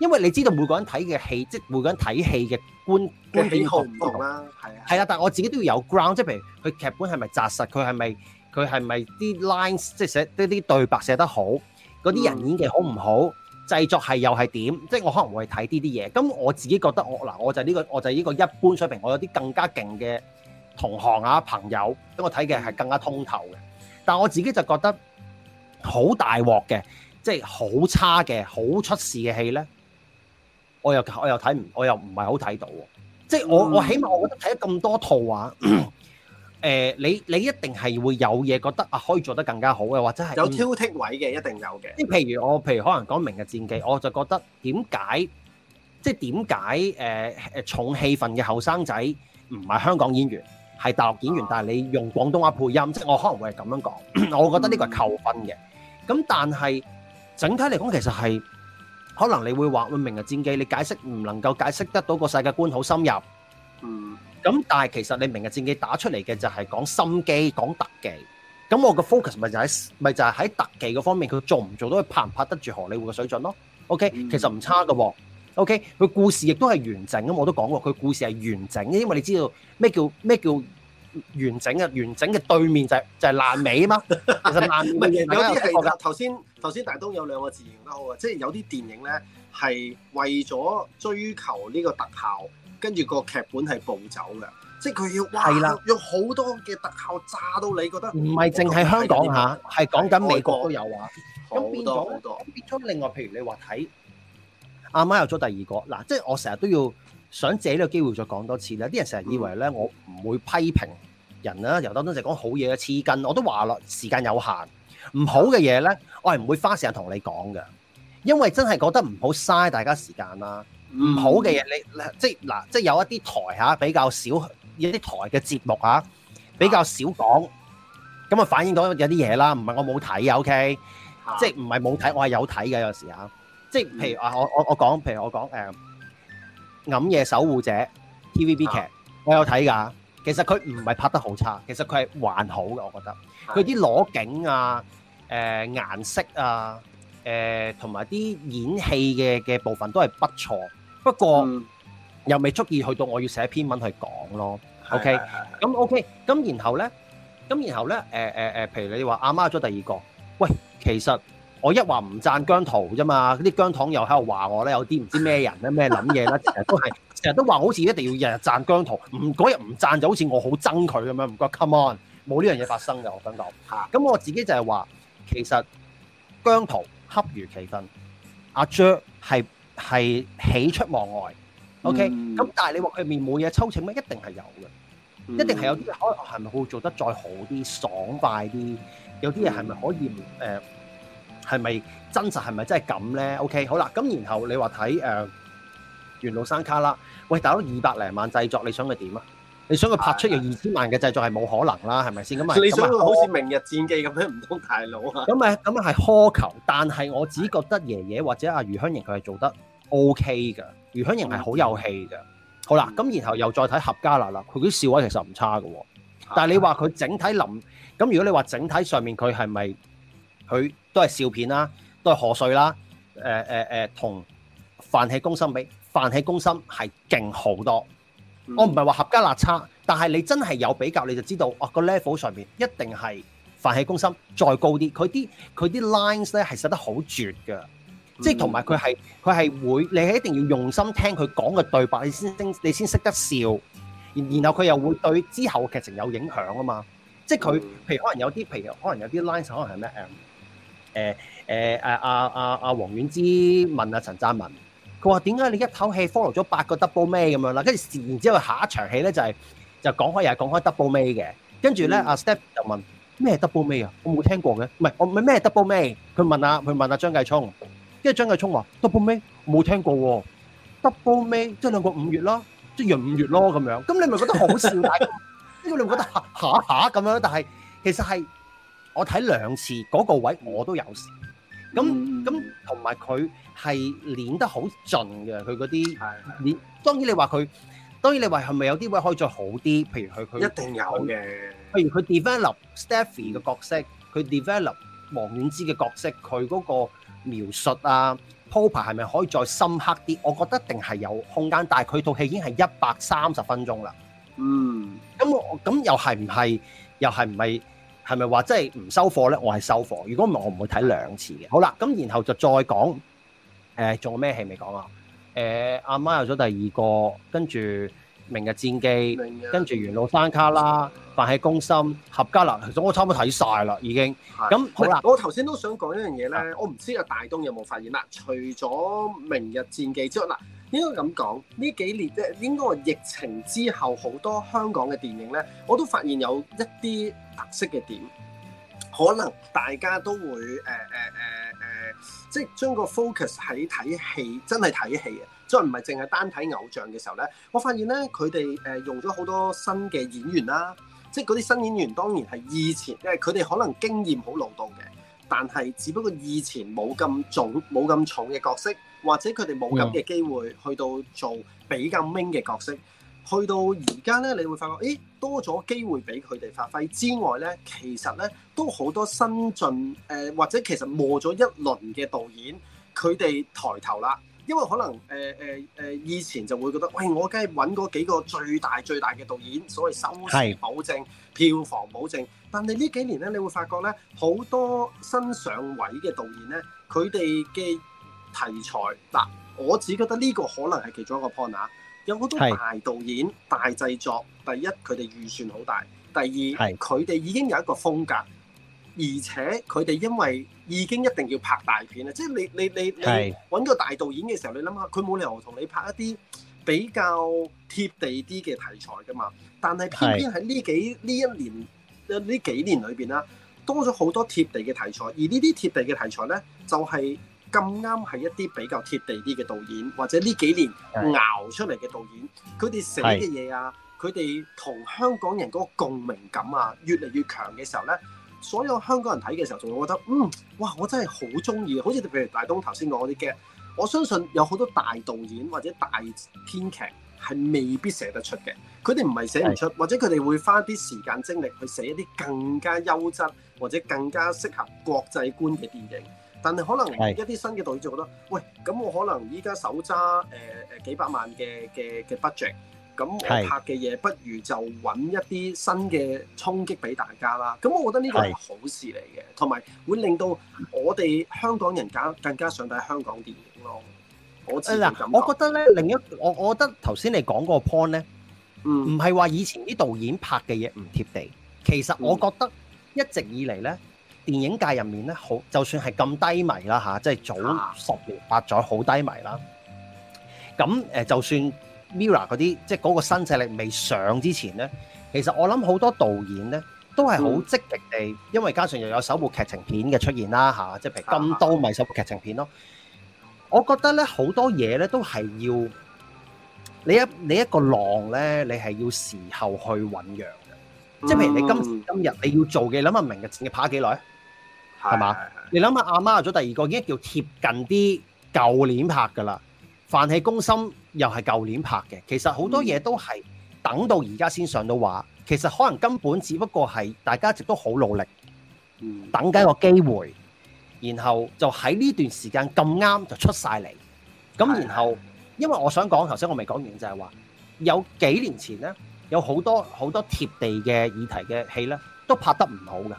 因為你知道每個人睇嘅戲，即係每個人睇戲嘅觀觀點好唔同啦，係啊，係啊，但係我自己都要有 ground，即係譬如佢劇本係咪紮實，佢係咪佢係咪啲 lines，即係寫啲啲對白寫得好，嗰啲人演技好唔好？嗯製作係又係點？即我可能會睇呢啲嘢。咁我自己覺得我嗱，我就呢個我就呢個一般水平。我有啲更加勁嘅同行啊朋友，咁我睇嘅係更加通透嘅。但我自己就覺得好大鑊嘅，即好差嘅、好出事嘅戲呢。我又我又睇唔，我又唔係好睇到。即我我起碼我覺得睇咗咁多套話。誒，你你一定係會有嘢覺得啊，可以做得更加好嘅，或者係有挑剔位嘅，一定有嘅。即係譬如我，譬如可能講《明日戰記》，我就覺得點解，即係點解誒誒重氣氛嘅後生仔唔係香港演員，係大陸演員，但係你用廣東話配音，即係我可能會係咁樣講，我覺得呢個係扣分嘅。咁但係整體嚟講，其實係可能你會話《明日戰記》，你解釋唔能夠解釋得到個世界觀好深入。嗯。咁但係其實你明日戰記打出嚟嘅就係講心機講特技，咁我個 focus 咪就喺咪就係、是、喺特技嗰方面，佢做唔做到佢拍唔拍得住荷里活嘅水準咯？OK，、嗯、其實唔差㗎喎。OK，佢故事亦都係完整咁，我都講過佢故事係完整，因為你知道咩叫咩叫完整嘅？完整嘅對面就係、是、就係、是、爛尾啊嘛。其實爛尾 有啲係頭先頭先大東有兩個字形容得好，即係有啲電影咧係為咗追求呢個特效。跟住個劇本係暴走嘅，即係佢要啦用好多嘅特效炸到你覺得唔係淨係香港下，係講緊美國都有啊。咁是多變咗咁多變咗另外，譬如你話睇阿媽有咗第二個嗱，即係我成日都要想借呢個機會再講多一次啦。啲人成日以為咧我唔會批評人啦，由頭到尾就講好嘢嘅。黐筋我都話啦，時間有限，唔好嘅嘢咧，我係唔會花時間同你講嘅，因為真係覺得唔好嘥大家時間啦。唔好嘅嘢，你即嗱，即係有一啲台嚇比較少一啲台嘅節目嚇比較少講，咁、OK? 啊反映到有啲嘢啦。唔係我冇睇啊，OK，即係唔係冇睇，我係有睇嘅有時嚇。即係譬如啊，我我我講，譬如我講誒《暗、嗯嗯、夜守護者》TVB 劇，啊、我有睇㗎。其實佢唔係拍得好差，其實佢係還好嘅，我覺得。佢啲裸景啊、誒、呃、顏色啊、誒同埋啲演戲嘅嘅部分都係不錯。不過、嗯、又未足以去到我要寫篇文去講咯，是是是。OK？咁 OK？咁然後咧，咁然後咧，誒誒誒，譬如你話阿媽咗第二個，喂，其實我一話唔讚姜濤啫嘛，啲姜糖又喺度話我咧有啲唔知咩人咧咩諗嘢咧，成日 都係成日都話好似一定要日日讚姜濤，唔嗰日唔讚就好似我好憎佢咁樣，唔覺，come on，冇呢樣嘢發生嘅，我想講。嚇，咁我自己就係話，其實姜濤恰如其分，阿張係。係喜出望外，OK，咁、嗯、但係你話佢面冇嘢抽請咩？一定係有嘅，嗯、一定係有啲嘢，是是可能係咪會做得再好啲、爽快啲？有啲嘢係咪可以唔？誒、呃，係咪真實是不是真的這樣呢？係咪真係咁咧？OK，好啦，咁然後你話睇誒袁老山卡啦，喂，打咗二百零萬製作，你想佢點啊？你想佢拍出用二千萬嘅製作係冇可能啦，係咪先？咁啊，你想好似《明日戰記》咁樣唔當大佬啊？咁啊，咁啊係苛求，但係我只覺得爺爺或者阿余香凝佢係做得 OK 嘅，余香凝係好有氣嘅。嗯、好啦，咁然後又再睇《闔家辣》啦，佢啲笑位其實唔差嘅，嗯、但係你話佢整體林咁，如果你話整體上面佢係咪佢都係笑片啦，都係賀歲啦？誒誒誒，同、呃呃《飯氣攻心》比，《飯氣攻心》係勁好多。我唔係話闔家辣差，但係你真係有比較，你就知道哦個 level 上面一定係飯戲攻心再高啲。佢啲佢啲 lines 咧係寫得好絕嘅，嗯、即係同埋佢係佢係會你係一定要用心聽佢講嘅對白，你先你先識得笑。然然後佢又會對之後嘅劇情有影響啊嘛。即係佢譬如，些譬如些 line，可能有啲譬如可能有啲 lines 可能係咩誒誒誒誒阿阿阿王婉之問阿、啊、陳湛文。佢話點解你一口氣 follow 咗八個 double may，咁樣啦？跟住然之後下一場戲咧就係就講開又係講開 double may 嘅。跟住咧阿 Step 就問咩 double may 啊？我冇聽過嘅，唔係我唔係咩 double may？佢問下佢問下張繼聰，跟住張繼聰話 double may 冇聽過喎，double may 即係兩個五月咯，即月五月咯咁樣。咁你唔係覺得好笑啊？因為你唔覺得下下咁樣？但係其實係我睇兩次嗰個位我都有事。咁咁同埋佢係練得好盡嘅，佢嗰啲練。當然你話佢，當然你話係咪有啲位可以再好啲？譬如佢，佢一定有嘅。譬如佢 develop Stephy 嘅角色，佢 develop 王菀之嘅角色，佢嗰個描述啊鋪排係咪可以再深刻啲？我覺得一定係有空間，但係佢套戲已經係一百三十分鐘啦。嗯，咁我咁又係唔係？又係唔係？係咪話即係唔收貨咧？我係收貨。如果唔係，我唔會睇兩次嘅。好啦，咁然後就再講誒，仲、呃、有咩戲未講啊？誒，阿、呃、媽有咗第二個，跟住明日戰記，跟住緣路山旮旯，飯戲日攻心合家辣，其實我差唔多睇晒啦，已經咁的好啦。我頭先都想講一樣嘢咧，的我唔知阿大東有冇發現啦？除咗明日戰記之外，嗱，應該咁講呢幾年咧，應該話疫情之後，好多香港嘅電影咧，我都發現有一啲。特色嘅點，可能大家都會誒誒誒誒，即係將個 focus 喺睇戲，真係睇戲啊！即係唔係淨係單睇偶像嘅時候咧，我發現咧佢哋誒用咗好多新嘅演員啦，即係嗰啲新演員當然係以前，因為佢哋可能經驗好老道嘅，但係只不過以前冇咁重冇咁重嘅角色，或者佢哋冇咁嘅機會去到做比較 main 嘅角色。嗯。去到而家咧，你會發覺，誒多咗機會俾佢哋發揮之外咧，其實咧都好多新進誒、呃，或者其實磨咗一輪嘅導演，佢哋抬頭啦。因為可能誒誒誒，以前就會覺得，喂，我梗係揾嗰幾個最大最大嘅導演，所謂收視保證、是票房保證。但係呢幾年咧，你會發覺咧，好多新上位嘅導演咧，佢哋嘅題材嗱，我只覺得呢個可能係其中一個 point 啊。有好多大導演、是大製作。第一，佢哋預算好大；第二，佢哋是已經有一個風格，而且佢哋因為已經一定要拍大片啦。即、就、係、是、你你你你揾個大導演嘅時候，你諗下佢冇理由同你拍一啲比較貼地啲嘅題材㗎嘛。但係偏偏喺呢幾呢是一年呢幾年裏邊啦，多咗好多貼地嘅題材。而呢啲貼地嘅題材咧，就係、是。咁啱係一啲比較貼地啲嘅導演，或者呢幾年熬出嚟嘅導演，佢哋的寫嘅嘢啊，佢哋同香港人嗰個共鳴感啊，越嚟越強嘅時候呢，所有香港人睇嘅時候，仲會覺得嗯，哇，我真係好鍾意，好似譬如大東頭先講嗰啲嘅。我相信有好多大導演或者大編劇係未必寫得出嘅，佢哋唔係寫唔出，的或者佢哋會花啲時間精力去寫一啲更加優質或者更加適合國際觀嘅電影。但係可能一啲新嘅導演就覺得，是的 喂，咁我可能依家手揸誒誒幾百萬嘅嘅嘅 budget，咁我拍嘅嘢是的 不如就揾一啲新嘅衝擊俾大家啦。咁我覺得呢個係好事嚟嘅，同埋會令到我哋香港人更更加想睇香港電影咯。我嗱，我覺得咧，另一我我覺得頭先你講嗰個 point 咧，嗯，唔係話以前啲導演拍嘅嘢唔貼地，其實我覺得一直以嚟咧。電影界入面咧，好就算係咁低迷啦嚇，即係早十年八載好低迷啦。咁誒，就算 Mira 嗰啲，即係嗰個新勢力未上之前咧，其實我諗好多導演咧都係好積極地，因為加上又有首部劇情片嘅出現啦吓，即係譬如咁多咪首部劇情片咯。我覺得咧好多嘢咧都係要你一你一個浪咧，你係要時候去醖釀嘅。即係譬如你今今日你要做嘅，諗下明日淨係拍幾耐？係嘛？你諗下，阿媽有咗第二個已經叫貼近啲舊年拍噶啦，《飯氣攻心》又係舊年拍嘅。其實好多嘢都係等到而家先上到畫。其實可能根本只不過係大家一直都好努力，等緊個機會，然後就喺呢段時間咁啱就出晒嚟。咁然後，是是是因為我想講頭先我未講完就係話，有幾年前呢，有好多好多貼地嘅議題嘅戲呢，都拍得唔好嘅。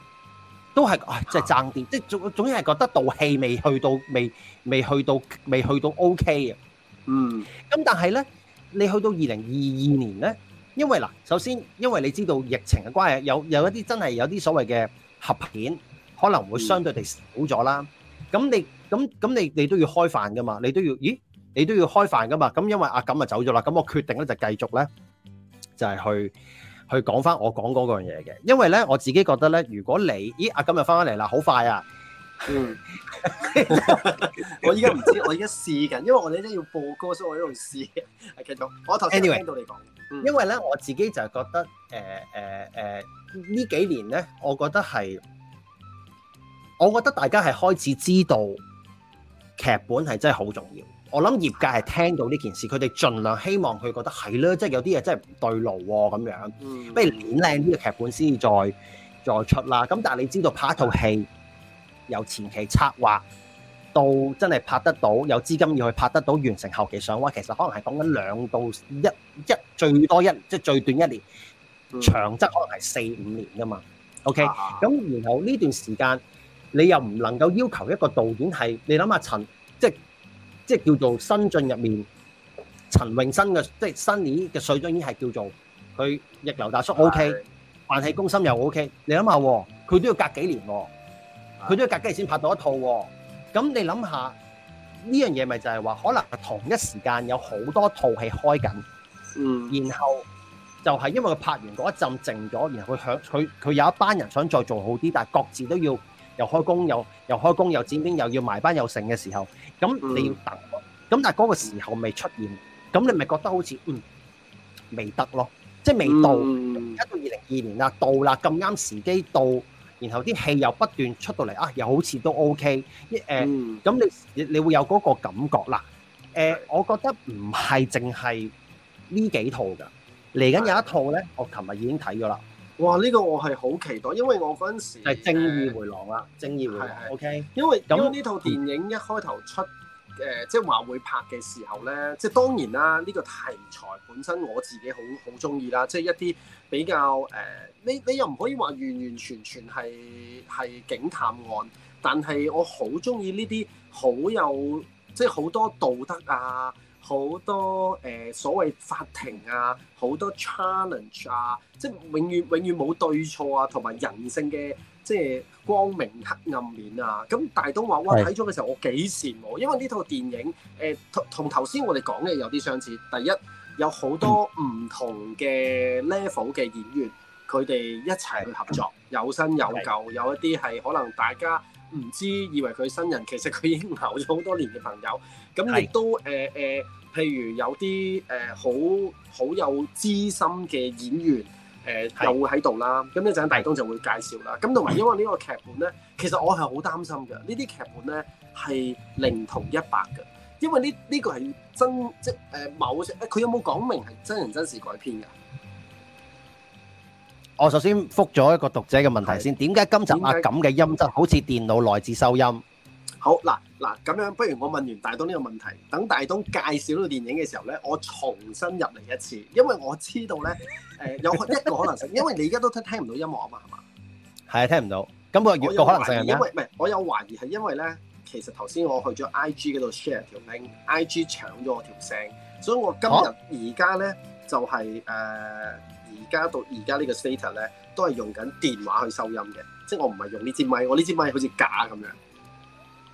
都係，即係爭啲，即係總總之係覺得道氣未去到，未未去到，未去到 OK 啊！嗯。咁但係咧，你去到二零二二年咧，因為嗱，首先因為你知道疫情嘅關係，有有一啲真係有啲所謂嘅合片，可能會相對地少咗啦。咁你咁咁你你都要開飯噶嘛？你都要，咦？你都要開飯噶嘛？咁因為阿錦啊走咗啦，咁我決定咧就繼續咧，就係去。去講翻我講嗰樣嘢嘅。因為咧我自己覺得咧，如果你咦，啊今日翻返嚟啦，好快啊！嗯， 我依家唔知，我依家試緊，因為我哋呢要播歌，所以我喺度試。阿劇組，我頭先聽到你講。Anyway, 因為咧我自己就覺得，誒誒誒，呢、呃呃、幾年咧，我覺得係，我覺得大家係開始知道劇本係真係好重要。我諗業界係聽到呢件事，佢哋盡量希望佢覺得係咯，即係有啲嘢真係唔對路喎咁樣，不如練靚啲嘅劇本先至再再出啦。咁但係你知道拍一套戲，由前期策劃到真係拍得到，有資金要去拍得到完成後期上畫，其實可能係講緊兩到一一,一最多一即係最短一年，長則可能係四五年㗎嘛。OK，咁、啊、然後呢段時間你又唔能夠要求一個導演係你諗下陳？即係叫做新進入面，陳詠燊嘅即係新年嘅水準，已經係叫做佢逆流大叔 O K，飯戲攻心又 O K。你諗下，佢、哦、都要隔幾年，佢的都要隔幾年先拍到一套。咁、哦、你諗下呢樣嘢，咪就係話可能同一時間有好多套戲開緊、嗯，然後就係因為佢拍完嗰一陣靜咗，然後佢想佢佢有一班人想再做好啲，但係各自都要又開工又又開工又剪片又要埋班又剩嘅時候。咁你要等，咁但係嗰個時候未出現，咁你咪覺得好似嗯未得咯，即係未到。一到二零二年啦，到啦，咁啱時機到，然後啲戲又不斷出到嚟啊，又好似都 OK。誒，咁你你會有嗰個感覺啦。誒，我覺得唔係淨係呢幾套㗎，嚟緊有一套咧，我琴日已經睇咗啦。哇！呢、這個我係好期待，因為我嗰陣時係正義回廊啦，正義迴廊。O K 的。OK? 因為那因為呢套電影一開頭出誒，即係話會拍嘅時候咧，即、就、係、是、當然啦，呢、這個題材本身我自己好好中意啦，即、就、係、是、一啲比較誒、呃，你你又唔可以話完完全全係係警探案，但係我好中意呢啲好有即係好多道德啊！好多、呃、所謂法庭啊，好多 challenge 啊，即係永遠永遠冇對錯啊，同埋人性嘅即係光明黑暗面啊。咁大東話哇，睇咗嘅時候我幾羨慕，因為呢套電影同同頭先我哋講嘅有啲相似。第一有好多唔同嘅 level 嘅演員，佢哋一齊去合作，有新有舊，有一啲係可能大家，唔知以為佢新人，其實佢已經留咗好多年嘅朋友。咁亦都誒誒，譬如有啲誒、呃、好好有資深嘅演員誒，又、呃、會喺度啦。咁呢陣大東就會介紹啦。咁同埋因為呢個劇本咧，其實我係好擔心嘅。呢啲劇本咧係零同一百嘅，因為呢呢、呢個係真即誒某佢有冇講明係真人真事改編嘅？我首先覆咗一個讀者嘅問題先的，點解今集阿咁嘅音質好似電腦內置收音？好嗱嗱咁樣，不如我問完大東呢個問題，等大東介紹到電影嘅時候咧，我重新入嚟一次，因為我知道咧，誒、呃、有一個可能性， 因為你而家都聽唔到音樂啊嘛，係嘛？係啊，聽唔到。咁我有個可能性係因為唔係，我有懷疑係因為咧，其實頭先我去咗 I G 嗰度 share 條 link，I G 搶咗我條聲，所以我今日而家咧就係、是、誒。啊呃而家到而家呢個 state 咧，都係用緊電話去收音嘅，即係我唔係用呢支咪，我呢支咪好似假咁樣。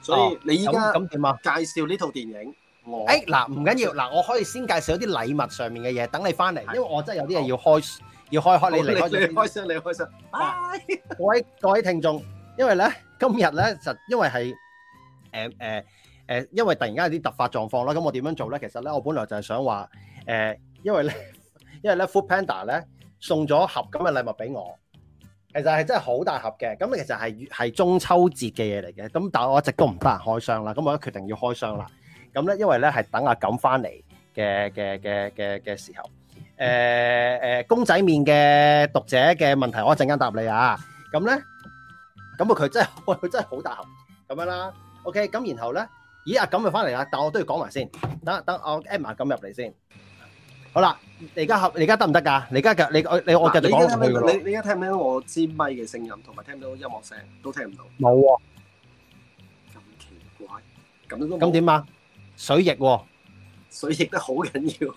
所以你依家咁點啊？介紹呢套電影。我嗱，唔緊要嗱，我可以先介紹一啲禮物上面嘅嘢，等你翻嚟，的因為我真係有啲嘢要開、哦、要開開你嚟開，開心你開心。各位各位聽眾，因為咧今日咧，就因為係誒誒誒，因為突然間有啲突發狀況啦，咁我點樣做咧？其實咧，我本來就係想話誒、呃，因為咧，因為咧，Food Panda 咧。送咗盒咁嘅禮物俾我，其實係真係好大盒嘅。咁其實係係中秋節嘅嘢嚟嘅。咁但係我一直都唔得閒開箱啦。咁我決定要開箱啦。咁咧，因為咧係等阿錦翻嚟嘅嘅嘅嘅嘅時候。誒誒，公仔麵嘅讀者嘅問題，我一陣間答你啊。咁咧，咁啊佢真係佢真係好大盒咁樣啦。OK，咁然後咧，咦？阿錦就翻嚟啦，但係我都要講埋先。等等，我 add 埋錦入嚟先。.好啦，你而家合，你而家得唔得噶？你而家嘅你我你我繼續講落去。你你而家聽唔聽到我支咪嘅聲音，同埋聽到音樂聲，都聽唔到。冇喎，咁奇怪，咁都咁點啊？水逆喎，水逆都好緊要。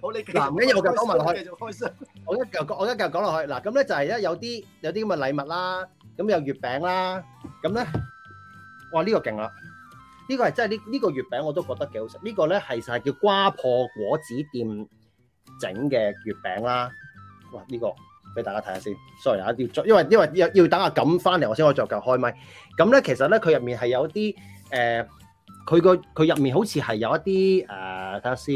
好你嗱，咁又繼續講落去，繼續開心。我一嚿講，我一嚿講落去嗱，咁咧就係咧有啲有啲咁嘅禮物啦，咁有月餅啦，咁咧哇呢個勁啦。呢個係真係呢呢個月餅我都覺得幾好食。呢個咧係實係叫瓜破果子店整嘅月餅啦。哇！呢個俾大家睇下先。sorry 啊，要因為因為要要等阿錦翻嚟，我先可以再夠開咪。咁咧其實咧佢入面係有啲誒，佢個佢入面好似係有一啲誒，睇下先，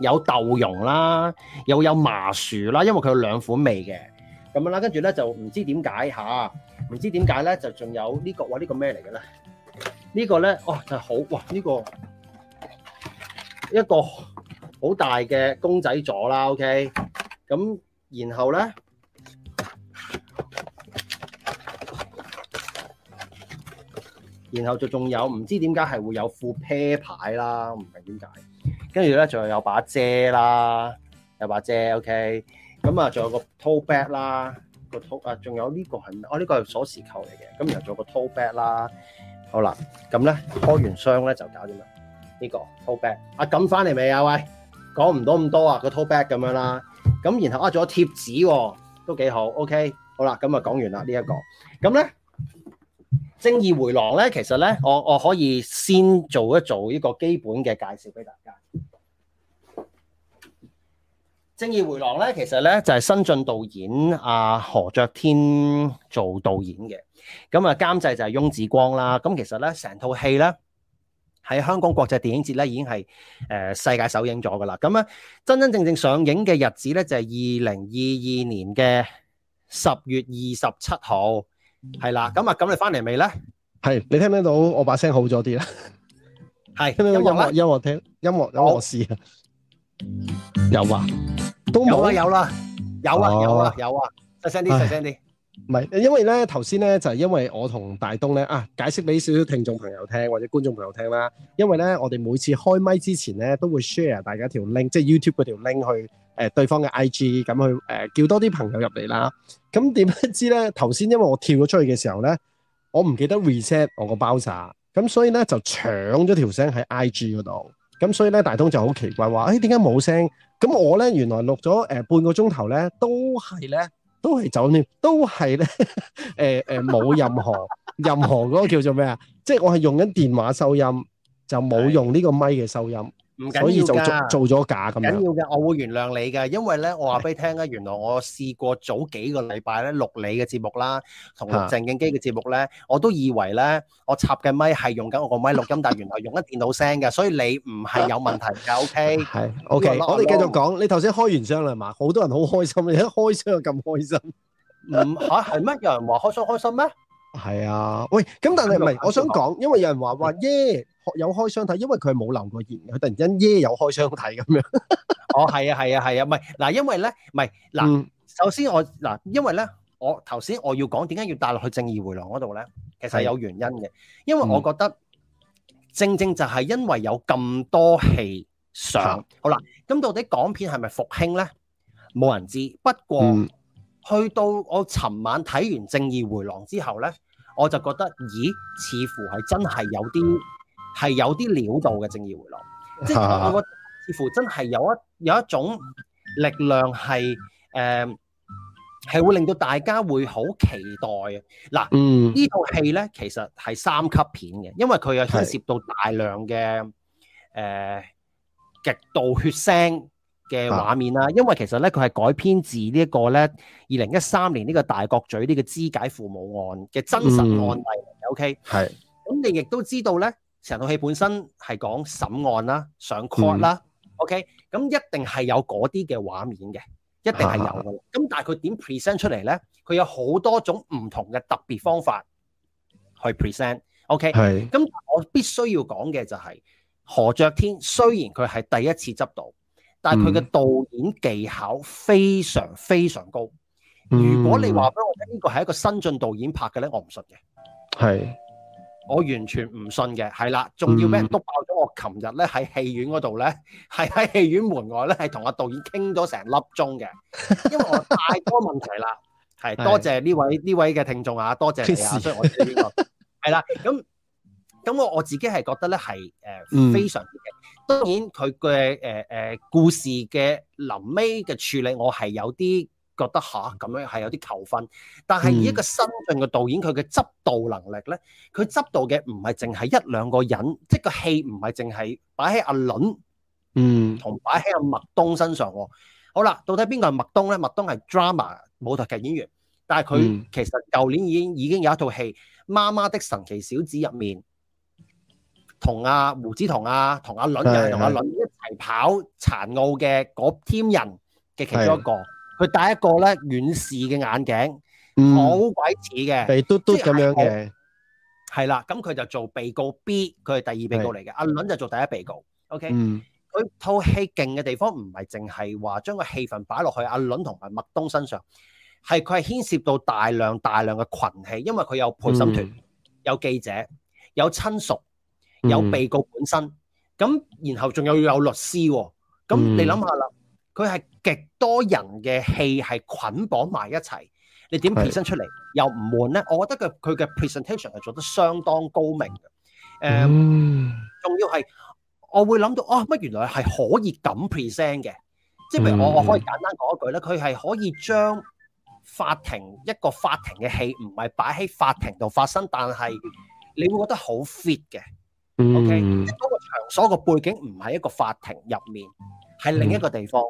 有豆蓉啦，又有麻薯啦。因為佢有兩款味嘅。咁啦，跟住咧就唔知點解吓，唔知點解咧就仲有呢個話呢個咩嚟嘅咧？呢個咧，哦就係好哇！呢個一個好大嘅公仔座啦，OK。咁然後咧，然後就仲有唔知點解係會有副啤牌啦，唔明點解。跟住咧，仲有把遮啦，有把遮，OK。咁啊，仲有個 tool bag 啦，個 tool 啊，仲有呢個係哦呢個係鎖匙扣嚟嘅。咁然後仲有個 tool bag 啦。好啦，咁咧開完箱咧就搞掂啦，呢個 tote bag 啊，撳翻嚟未啊？喂，講唔到咁多啊，個 tote bag 咁樣啦，啊。咁然後啊，仲有貼紙喎，哦，都幾好。OK，好啦，咁啊講完啦呢一個。咁咧《正義迴廊》咧，其實咧，我我可以先做一做呢個基本嘅介紹俾大家。《正義迴廊》咧，其實咧就係、是、新晉導演阿、啊、何爵天做導演嘅。咁啊，監製就係翁子光啦。咁其實咧，成套戲咧喺香港國際電影節咧已經係誒世界首映咗噶啦。咁咧真真正，正正上映嘅日子咧就係二零二二年嘅十月二十七號，係啦。咁 啊，咁你翻嚟未咧？係你聽唔聽到？我把聲好咗啲啦。係聽唔到音樂？音樂聽？音樂有冇、啊、事啊？有啊，都冇啊。有啦，有啊，有啦、啊，有啊，細聲啲，細聲啲。唔係，因為咧頭先咧就係、是、因為我同大東咧啊解釋俾少少聽眾朋友聽或者觀眾朋友聽啦。因為咧我哋每次開麥之前咧都會 share 大家條 link，即係 YouTube 嗰條 link 去誒、呃、對方嘅 IG 咁去誒、呃、叫多啲朋友入嚟啦。咁點不知咧頭先因為我跳咗出去嘅時候咧，我唔記得 reset 我個 browser，咁所以咧就搶咗條聲喺 IG 嗰度。咁所以咧大東就好奇怪話，誒點解冇聲？咁我咧原來錄咗誒半個鐘頭咧都係咧。都係走店，都係呢，誒 冇、呃呃、任何 任何嗰個叫做咩啊，即係我係用緊電話收音，就冇用呢個咪嘅收音。所以就做做咗假咁樣。唔緊要嘅，我會原諒你嘅，因為咧，我話俾你聽咧，原來我試過早幾個禮拜咧錄你嘅節目啦，同鄭敬基嘅節目咧，我都以為咧我插嘅咪係用緊我個咪錄音，但原來用緊電腦聲嘅，所以你唔係有問題嘅，OK？係 OK。我哋繼續講，你頭先開完箱啦嘛，好多人好開心，你一開箱咁開心，唔嚇係乜？有人話開箱開心咩？係啊，喂，咁但係唔係，我想講，因為有人話話耶有開箱睇，因為佢冇留過言，佢突然間耶、yeah, 有開箱睇咁樣。哦，係啊，係啊，係啊，唔係嗱，因為咧，唔係嗱，嗯、首先我嗱，因為咧，我頭先我要講點解要帶落去《正義回廊》嗰度咧，其實係有原因嘅。的因為我覺得正正就係因為有咁多戲上，好啦的，咁到底港片係咪復興咧？冇人知，不過、嗯、去到我尋晚睇完《正義回廊》之後咧。我就覺得，咦，似乎係真係有啲係有啲料到嘅正義迴廊，啊、即係我覺得似乎真係有一有一種力量係誒係會令到大家會好期待。嗱、啊，嗯、這呢套戲咧，其實係三級片嘅，因為佢有牽涉到大量嘅誒的、呃、極度血腥。嘅畫面啦，因為其實咧佢係改編自呢一個咧二零一三年呢個大角咀呢個肢解父母案嘅真實案例，OK 係。咁你亦都知道咧，成套戲本身係講審案啦、上 court 啦、嗯、OK。咁一定係有嗰啲嘅畫面嘅，一定係有嘅。咁的但係佢點 present 出嚟咧？佢有好多種唔同嘅特別方法去 present，OK。係、okay? 的。咁我必須要講嘅就係、是、何卓天，雖然佢係第一次執導。但係佢嘅導演技巧非常非常高。如果你話俾我聽呢個係一個新晉導演拍嘅咧，我唔信嘅。係是、嗯，我完全唔信嘅。係啦，仲要咩？都爆咗我琴日咧喺戲院嗰度咧，係喺戲院門外咧，係同阿導演傾咗成粒鐘嘅，因為我太多問題啦。係， 多謝呢位呢是位嘅聽眾啊，多謝你啊，所以我知呢、這個係啦。咁咁我我自己係覺得咧，係誒非常 OK。嗯當然佢嘅誒誒故事嘅臨尾嘅處理，我係有啲覺得嚇咁樣係有啲扣分。但係以一個新晉嘅導演，佢嘅執導能力咧，佢執導嘅唔係淨係一兩個人，即係個戲唔係淨係擺喺阿倫，嗯，同擺喺阿麥冬身上喎。好啦，到底邊個係麥冬咧？麥冬係 drama 舞台劇演員，但係佢其實舊年已經已經有一套戲《媽媽、嗯、的神奇小子》入面。同阿胡子彤、啊、阿同阿倫，同阿倫一齊跑殘奧嘅嗰 team 人嘅其中一個，佢是的 戴一個咧遠視嘅眼鏡，好鬼似嘅，鼻嘟嘟咁樣嘅，係啦，咁佢就做被告 B，佢係第二被告嚟嘅，的阿倫就做第一被告。OK，佢、嗯、套戲勁嘅地方唔係淨係話將個氣氛擺落去阿倫同埋麥東身上，係佢係牽涉到大量大量嘅群戲，因為佢有陪審團、嗯、有記者、有親屬。有被告本身咁，然後仲有要有律師喎、哦。咁你諗下啦，佢係極多人嘅戲係捆綁埋一齊，你點提升出嚟是又唔悶咧？我覺得嘅佢嘅 presentation 係做得相當高明嘅。誒、嗯，仲、嗯、要係我會諗到啊乜、哦、原來係可以咁 present 嘅，即係譬如我我可以簡單講一句咧，佢係可以將法庭一個法庭嘅戲唔係擺喺法庭度發生，但係你會覺得好 fit 嘅。嗯，OK，嗰個場所個背景唔係一個法庭入面，係另一個地方，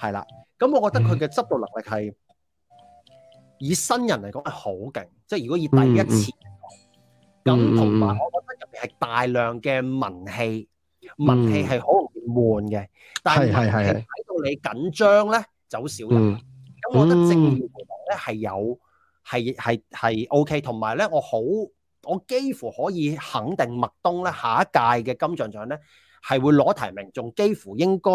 係啦。咁我覺得佢嘅執導能力係，以新人嚟講係好勁，即係如果以第一次講，咁同埋我覺得入面係大量嘅文氣，文氣係好容易悶嘅，但係文氣睇到你緊張咧就好少人。咁我覺得正義嚟講咧係有，係係係 OK，同埋咧我好。我幾乎可以肯定麥東咧下一屆嘅金像獎咧係會攞提名，仲幾乎應該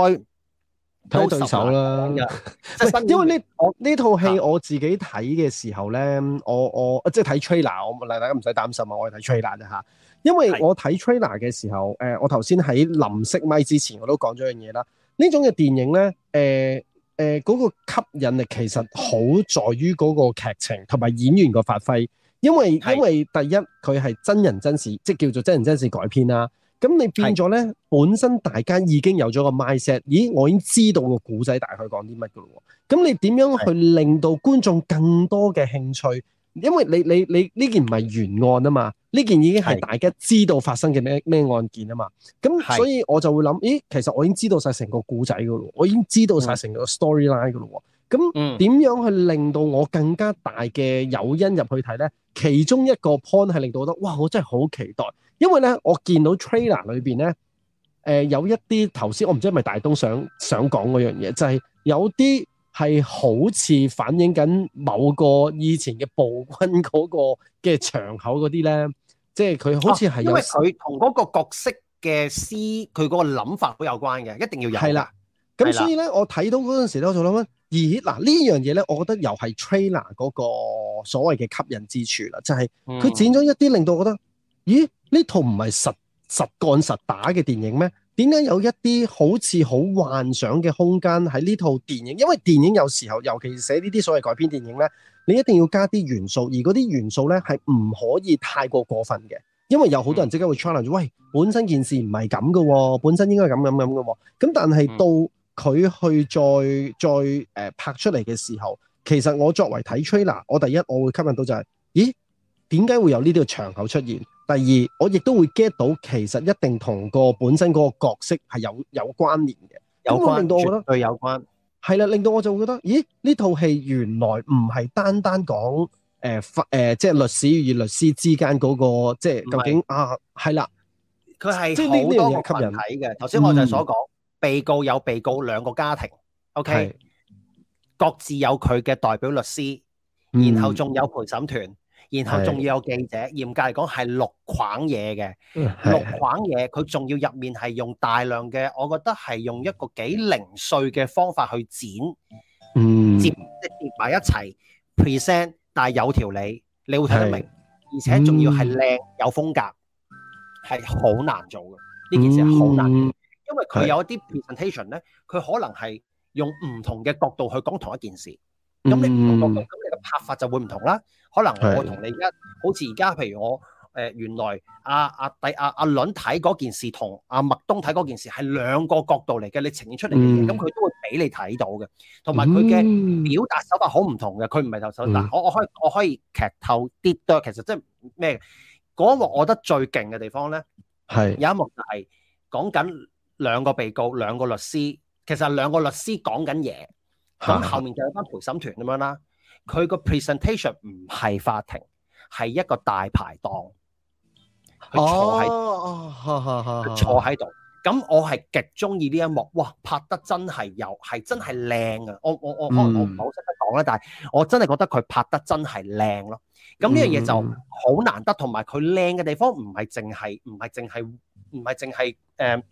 睇對手啦。 因為呢我呢套戲我自己睇嘅時候咧，我我即係睇 trailer，我大家唔使擔心啊，我係睇 trailer 啫嚇，因為我睇 trailer 嘅時候，誒我頭先喺臨熄咪是的 之前我都講咗樣嘢啦。呢種嘅電影咧，誒、呃、嗰、呃嗰個吸引力其實好在於嗰個劇情同埋演員個發揮。因為是因為第一佢係真人真事，即叫做真人真事改編啦。咁你變咗咧，是本身大家已經有咗個 mindset，咦，我已經知道個古仔大概講啲乜噶咯。咁你點樣去令到觀眾更多嘅興趣？是因為你你你呢件唔係原案啊嘛，呢件已經係大家知道發生嘅咩咩案件啊嘛。咁所以我就會諗，咦，其實我已經知道晒成個古仔噶咯，我已經知道晒成個 storyline 噶咯。咁點、嗯、樣去令到我更加大嘅誘因入去睇咧？其中一個 point 係令到我覺得，哇！我真係好期待，因為咧，我見到 trailer 裏邊咧，誒、呃、有一啲頭先我唔知係咪大東想想講嗰樣嘢，就係、是、有啲係好似反映緊某個以前嘅暴君嗰個嘅場口嗰啲咧，即係佢好似係、啊、因為佢同嗰個角色嘅詩，佢嗰個諗法好有關嘅，一定要有。係啦，咁所以咧的，我睇到嗰陣時咧，我就諗乜？而嗱呢樣嘢呢，我覺得又係 trailer 嗰個所謂嘅吸引之處啦，就係佢剪咗一啲令到我覺得咦，咦呢套唔係實實幹實打嘅電影咩？點解有一啲好似好幻想嘅空間喺呢套電影？因為電影有時候，尤其係寫呢啲所謂改編電影呢，你一定要加啲元素，而嗰啲元素呢係唔可以太過過分嘅，因為有好多人即刻會 challenge，喂，本身件事唔係咁㗎喎，本身應該係咁咁咁㗎喎，咁但係到，佢去再再誒、呃、拍出嚟嘅時候，其實我作為睇 trailer 我第一我會吸引到就係、是，咦，點解會有呢啲嘅場口出現？第二，我亦都會 get 到，其實一定同個本身嗰個角色係有有關聯嘅，有關，有關到絕對有關。係啦，令到我就覺得，咦，呢套戲原來唔係單單講誒法誒，即係律師與律師之間嗰、那個即係究竟是啊，係啦，佢係它是 即係好多嘢吸引睇嘅。頭先、嗯、我就係所講。嗯被告有被告兩個家庭，OK，各自有佢嘅代表律師，然後仲有陪審團，然後仲要有記者。嚴格嚟講係六框嘢嘅，六框嘢佢仲要入面係用大量嘅，我覺得係用一個幾零碎嘅方法去剪、嗯、接、即係疊埋一齊 present，但係有條理，你會睇得明，而且仲要係靚有風格，係好難做嘅，呢件事好難。因為佢有一啲 presentation 咧，佢的可能係用唔同嘅角度去講同一件事，咁、嗯、你唔同角度，咁你嘅拍法就會唔同啦。可能我同你而家的好似而家，譬如我誒、呃、原來阿阿第阿阿倫睇嗰件事，同阿麥東睇嗰件事係兩個角度嚟嘅，你呈現出嚟嘅嘢，咁佢、嗯、都會俾你睇到嘅，同埋佢嘅表達手法好唔同嘅，佢唔係頭手。嗱、嗯，我我可以我可以劇透啲多，其實即係咩？嗰一幕我覺得最勁嘅地方咧，係的有一幕就係講緊，兩個被告，兩個律師，其實兩個律師講緊嘢，咁後面就有翻陪審團咁樣啦。佢個 presentation 唔係法庭，係一個大排檔。佢坐喺，啊啊啊、佢坐喺度。咁、啊啊、我係極中意呢一幕，哇！拍得真係有，係真係靚啊！我我我我唔好識得講啦，嗯、但係我真係覺得佢拍得真係靚咯。咁呢樣嘢就好難得，同埋佢靚嘅地方唔係淨係，唔係淨係，唔係淨係誒。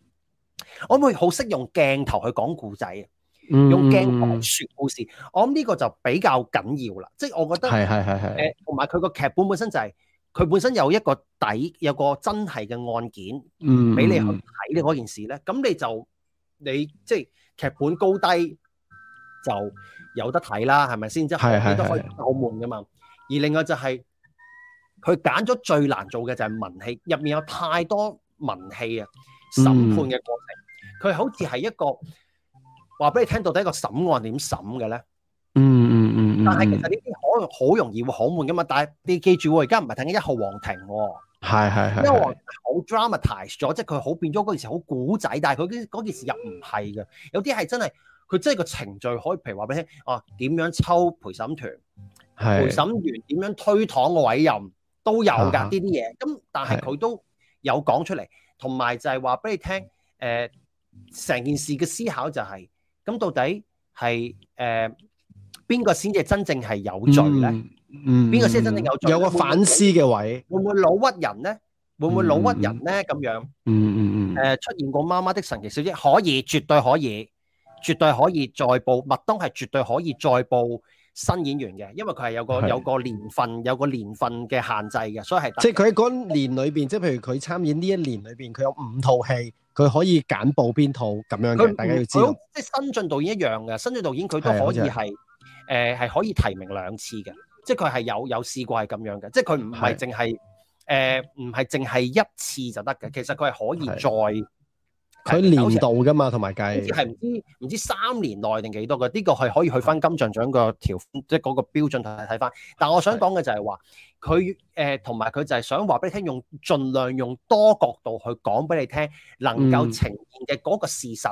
我會好識用鏡頭去講故仔，用鏡頭說故事，事嗯、我諗呢個就比較緊要啦。即、就、係、是、我覺得係係係係，誒，同埋佢個劇本本身就係、是，佢本身有一個底，有個真係嘅案件，嗯，俾你去睇呢嗰件事咧。咁、嗯、你就你即係劇本高低就有得睇啦，係咪先？即係你都可以夠悶噶嘛。而另外就係佢揀咗最難做嘅就係文戲，入面有太多文戲啊。審判嘅過程，佢、嗯、好似係一個話俾你聽，到底一個審案點審嘅咧、嗯？嗯嗯嗯但係其實呢啲可能好容易會好悶嘅嘛。但係你記住喎，而家唔係睇緊一號皇庭喎、哦。係係係。因為好 dramatize 咗，好 dramatize，即係佢好變咗嗰件事好古仔，但係佢啲嗰件事又唔係嘅。有啲係真係佢真係個程序可以，譬如話俾你聽，哦、啊、點樣抽陪審團，是陪審員點樣推搪個委任都有㗎，呢啲嘢。咁但係佢都有講出嚟。同埋就係話俾你聽，誒成件事嘅思考就係，咁到底係誒邊個先至真正係有罪咧？嗯，邊個先係真正有罪？有個反思嘅位，會唔會老屈人咧？會唔會老屈人咧？咁樣，嗯嗯嗯，誒出現過媽媽的神奇小子，可以，絕對可以，絕對可以再報麥當，係絕對可以再報。新演員嘅，因為佢係有個有個年份的有個年份嘅限制嘅，所以係即係佢喺嗰年裏邊，即係譬如佢參演呢一年裏邊，佢有五套戲，佢可以揀報邊套咁樣嘅，他大家要知道。即係新晉導演一樣嘅，新晉導演佢都可以係誒係可以提名兩次嘅，即係佢係有有試過係咁樣嘅，即係佢唔係淨係誒唔係淨係一次就得嘅，其實佢係可以再。佢年度噶嘛，同埋計好似係唔知唔知三年內定幾多噶？呢個係可以去翻金像獎個條，即係嗰個標準睇睇翻。但係我想講嘅就係話，佢誒同埋佢就係想話俾你聽，用盡量用多角度去講俾你聽，能夠呈現嘅嗰個事實，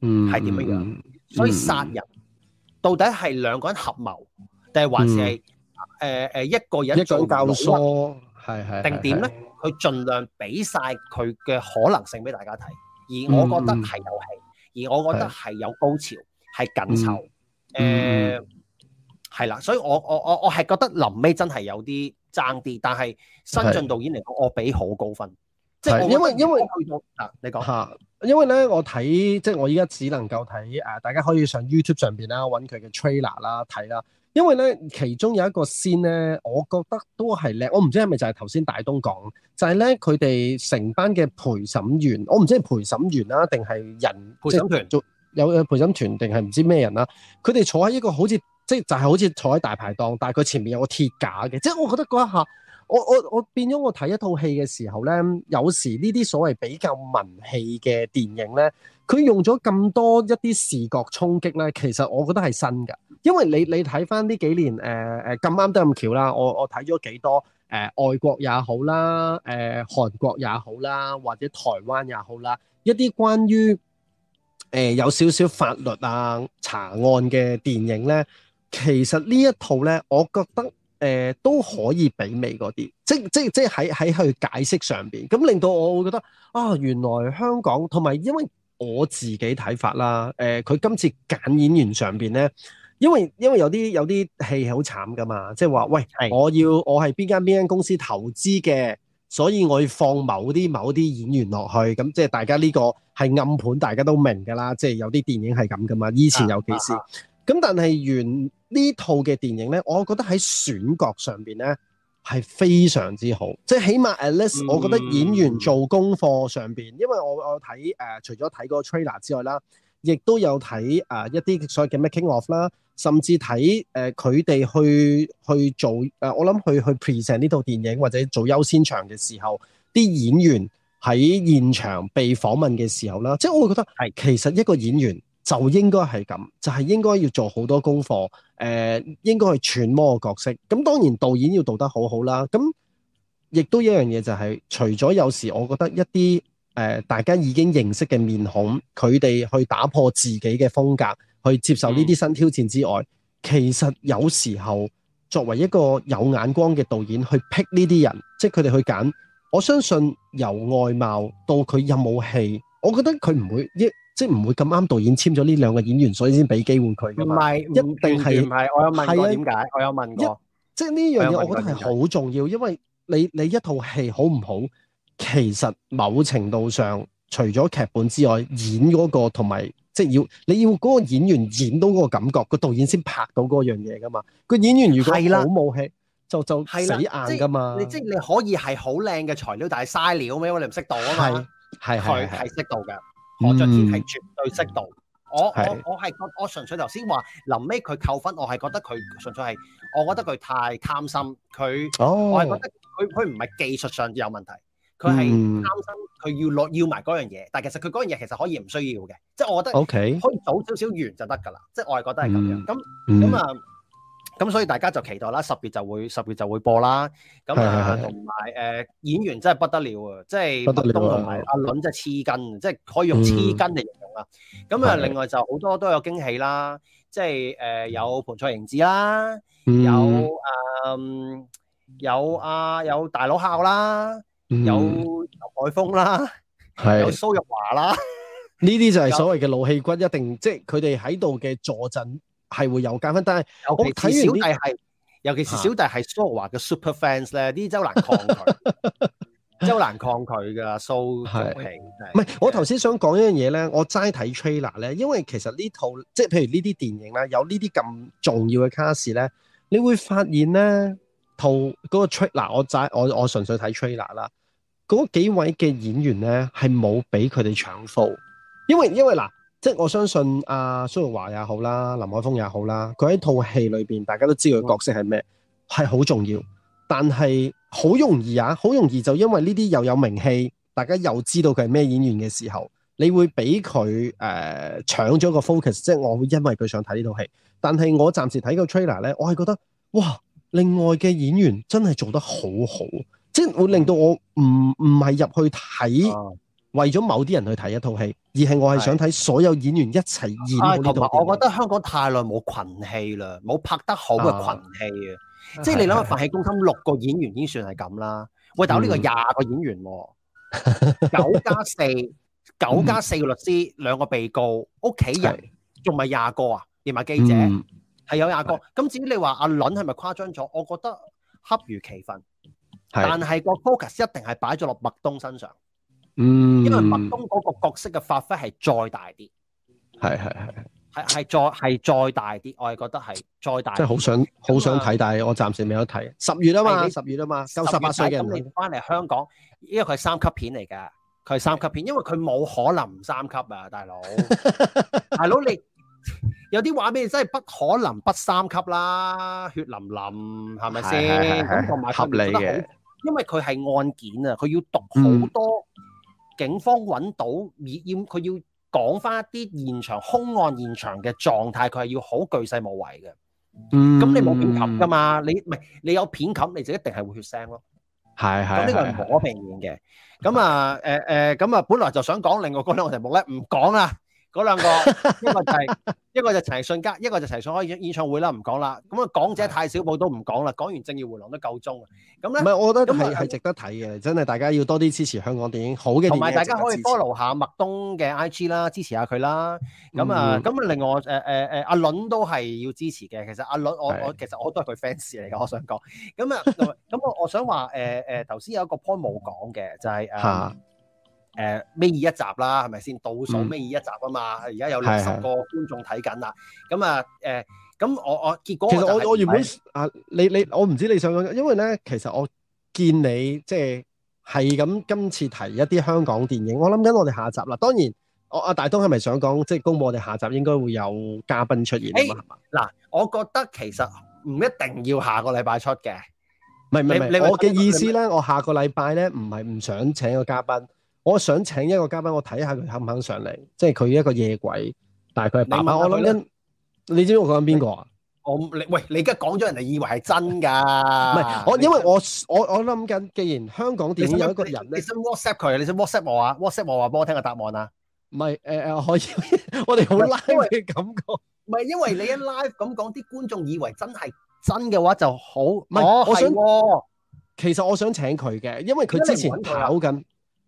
嗯係點樣？所以殺人到底係兩個人合謀，定係還是係誒誒一個人一早教唆，係係定點咧？佢盡量俾晒佢嘅可能性俾大家睇。而我覺得係有戲，嗯、而我覺得係有高潮，係的緊湊，誒、嗯，係啦、嗯，所以我我我我係覺得臨尾真係有啲爭啲，但係新進導演嚟講，我俾好高分，的即係因為說因為嗱，你講嚇，因為咧我睇即係我依家只能夠睇誒，大家可以上 YouTube 上邊啦揾佢嘅 trailer 啦睇啦。因為咧，其中有一個 scene 咧，我覺得都係靚。我唔知係咪就係頭先大東講，就係咧佢哋成班嘅陪審員，我唔知係陪審員啦、啊，定係人陪審團做、就是、有陪審團定係唔知咩人啦、啊。佢哋坐喺一個好似即係就係、是、好似坐喺大排檔，但係佢前面有個鐵架嘅。即、就、係、是、我覺得嗰一下，我我我變咗我睇一套戲嘅時候咧，有時呢啲所謂比較文氣嘅電影咧。佢用咗咁多一啲視覺衝擊咧，其實我覺得係新嘅，因為你你睇返呢幾年誒誒咁啱得咁巧啦。我我睇咗幾多誒、呃、外國也好啦，誒、呃、韓國也好啦，或者台灣也好啦，一啲關於誒、呃、有少少法律啊查案嘅電影咧，其實呢一套咧，我覺得誒、呃、都可以媲美嗰啲，即即即喺喺去解釋上邊，咁令到我會覺得啊，原來香港同埋因為。我自己睇法啦，誒、呃，佢今次揀演員上邊呢，因為因為有啲有啲戲好慘噶嘛，即係話喂，我要我係邊間邊間公司投資嘅，所以我要放某啲某啲演員落去，咁即係大家呢個係暗盤，大家都明噶啦，即、就、係、是、有啲電影係咁噶嘛，以前有其、啊啊、是，咁但係原呢套嘅電影呢，我覺得喺選角上邊呢。係非常之好，即係起碼 at least 我覺得演員做功課上面，嗯、因為我我睇、呃、除咗睇個個 trailer 之外啦，亦都有睇、呃、一啲所謂嘅 making of 啦，甚至睇誒佢哋去去做、呃、我諗去去 present 呢套電影或者做優先場嘅時候，啲演員喺現場被訪問嘅時候啦，即係我會覺得係其實一個演員。就應該係咁，就係、是、應該要做好多功課，誒、呃，應該去揣摩嘅角色。咁當然導演要導得好好啦。咁亦都一樣嘢就係、是，除咗有時我覺得一啲誒、呃，大家已經認識嘅面孔，佢哋去打破自己嘅風格，去接受呢啲新挑戰之外，嗯、其實有時候作為一個有眼光嘅導演去 pick 呢啲人，即係佢哋去揀，我相信由外貌到佢有冇戲，我覺得佢唔會即係唔會咁啱導演簽咗呢兩個演員，所以先俾機會佢。唔係一定係唔係？我有問過點解？我有問過，即係呢樣嘢，我覺得係好重要。因為你你一套戲好唔好，其實某程度上，嗯，除咗劇本之外，演嗰、個同埋即係要你要嗰個演員演到嗰個感覺，個導演先拍到嗰樣嘢噶嘛。個演員如果好冇戲，係就就死硬噶嘛。即你即係你可以係好靚嘅材料，但係嘥料咩？因為你唔識到啊嘛。係係係識度噶。係我昨天係絕對識到的、嗯我，我我我係覺我純粹頭先話臨尾佢扣分，我係覺得佢純粹係，我覺得佢太貪心，佢、哦、我係覺得佢佢唔係技術上有問題，佢係貪心，佢、嗯、要落要埋嗰樣嘢，但其實佢嗰樣嘢其實可以唔需要嘅，即係我覺得 OK 可以早少少完就得㗎啦，即係、嗯、我係覺得係咁樣，咁咁啊。咁所以大家就期待啦，十月就會十月就會播啦。咁同埋誒演員真係不得了啊！即係，不得了啊！阿倫真係黐筋，嗯、即係可以用黐筋嚟形容啊。咁啊，的另外就好多都有驚喜啦，即係誒、呃、有盤菜瑩子啦，嗯、有誒、呃、有阿、啊、有大佬孝啦，嗯、有有海峰啦，的有蘇玉華啦。呢 啲就係所謂嘅老戲骨，就一定即係佢哋喺度嘅坐鎮。係會有加分，但係尤其是小弟係，尤其是小弟係蘇華嘅 super fans 咧、啊，啲都難抗拒， 周難抗拒噶蘇係。唔、so, 係，我頭先想講一樣嘢咧，我齋睇 trailer 咧，因為其實呢套即係譬如呢啲電影啦，有呢啲咁重要嘅卡士咧，你會發現咧套嗰個 trailer，我齋我我純粹睇 trailer 啦，嗰幾位嘅演員咧係冇俾佢哋搶 show 因為因為嗱。即係我相信阿、啊、蘇玉華也好啦，林海峰也好啦，佢喺套戲裏面大家都知道佢角色係咩，係好、嗯、重要。但係好容易啊，好容易就因為呢啲又有名氣，大家又知道佢係咩演員嘅時候，你會俾佢誒搶咗個 focus，即係我會因為佢想睇呢套戲。但係我暫時睇個 trailer 咧，我係覺得哇，另外嘅演員真係做得好好，即係會令到我唔唔係入去睇、啊。為咗某啲人去睇一套戲，而係我係想睇所有演員一齊演。同埋，哎、我覺得香港太耐冇群戲啦，冇拍得好嘅群戲啊！即係是、哎、你諗下，佛器公心六個演員已經算係咁啦。喂、嗯，但呢個廿個演員、啊，九加四，九加四個律師，兩、嗯、個被告，屋企人仲咪廿個啊？連埋記者係有廿個。咁、嗯、至於你話阿倫係咪誇張咗？我覺得恰如其分。嗯、但係個 focus 一定係擺咗落麥東身上。嗯，因為麥東嗰個角色嘅發揮係再大啲，係係係係係再係再，再大啲，我係覺得係再大，即係好想好以想睇，但係我暫時未有睇。十月啊嘛，的十月啊嘛，夠十八歲嘅，今年翻嚟香港，因為佢係三級片嚟噶，佢係三級片，是的因為佢冇可能唔三級啊，大佬， 大佬你有啲話畀你真係不可能不三級啦、啊，血淋淋係咪先？咁同埋佢做得合理因為佢係案件啊，佢要讀好多、嗯。警方揾到現現佢要講翻一啲現場兇案現場嘅狀態，佢係要好巨細無遺嘅。嗯，咁你冇片冚㗎嘛？你唔係你有片冚，你就一定係會血腥咯。係係。呢個係可避免嘅。咁啊誒誒，咁啊、呃呃呃，本來就想講另外嗰兩個題目咧，唔講啊。嗰 兩個、就是，一個就係一個就陳奕迅加，一個就陳奕迅開演唱會啦，唔講啦。咁啊，港姐蔡少埔都唔講啦，講的完正義迴廊都夠鐘。咁咧，唔係，我覺得係係、嗯、值得睇嘅，真係大家要多啲支持香港電影好嘅。同埋大家可以 follow 下麥冬嘅 IG 啦，支持下佢啦。咁啊，咁、嗯、另外誒誒誒，阿、呃、倫、呃啊、都係要支持嘅。其實阿倫，是的我我其實我都係佢 fans 嚟嘅，我想講。咁啊，咁、呃、我我想話誒誒，頭、呃、先有一個 point 冇講嘅，就係、是、嚇。呃是誒，尾二、呃、一集啦，係咪先倒數尾二一集啊嘛？而家、嗯、有六十個觀眾睇緊啦，咁啊的，誒、嗯，咁我我結果我是是，其實我我原本啊，你你我唔知你想講，因為咧，其實我見你即係係咁今次提一啲香港電影，我諗緊我哋下集啦。當然，我阿大東係咪想講，即係公布我哋下集應該會有嘉賓出現啊？嗱、欸嗎，我覺得其實唔一定要下個禮拜出嘅，唔係唔係，你我嘅意思咧，你我下個禮拜咧唔係唔想請個嘉賓。我想請一個嘉賓，我睇下佢肯唔肯上嚟，即係佢一個夜鬼，但係佢係白。我諗緊，你知唔知我講緊邊個啊？我你喂，你而家講咗，人哋以為係真噶。唔係， 我因為我我我諗緊，既然香港電影有一個人，你想 WhatsApp 佢，你想 WhatsApp Wh 我啊？WhatsApp 我話、俾、我聽個答案啦、啊。唔係，誒誒，可以，我哋好 live 嘅感覺。唔係，因為你一 live 咁講，啲 觀眾以為真係真嘅話就好。唔係，我想，的其實我想請佢嘅，因為佢之前跑緊。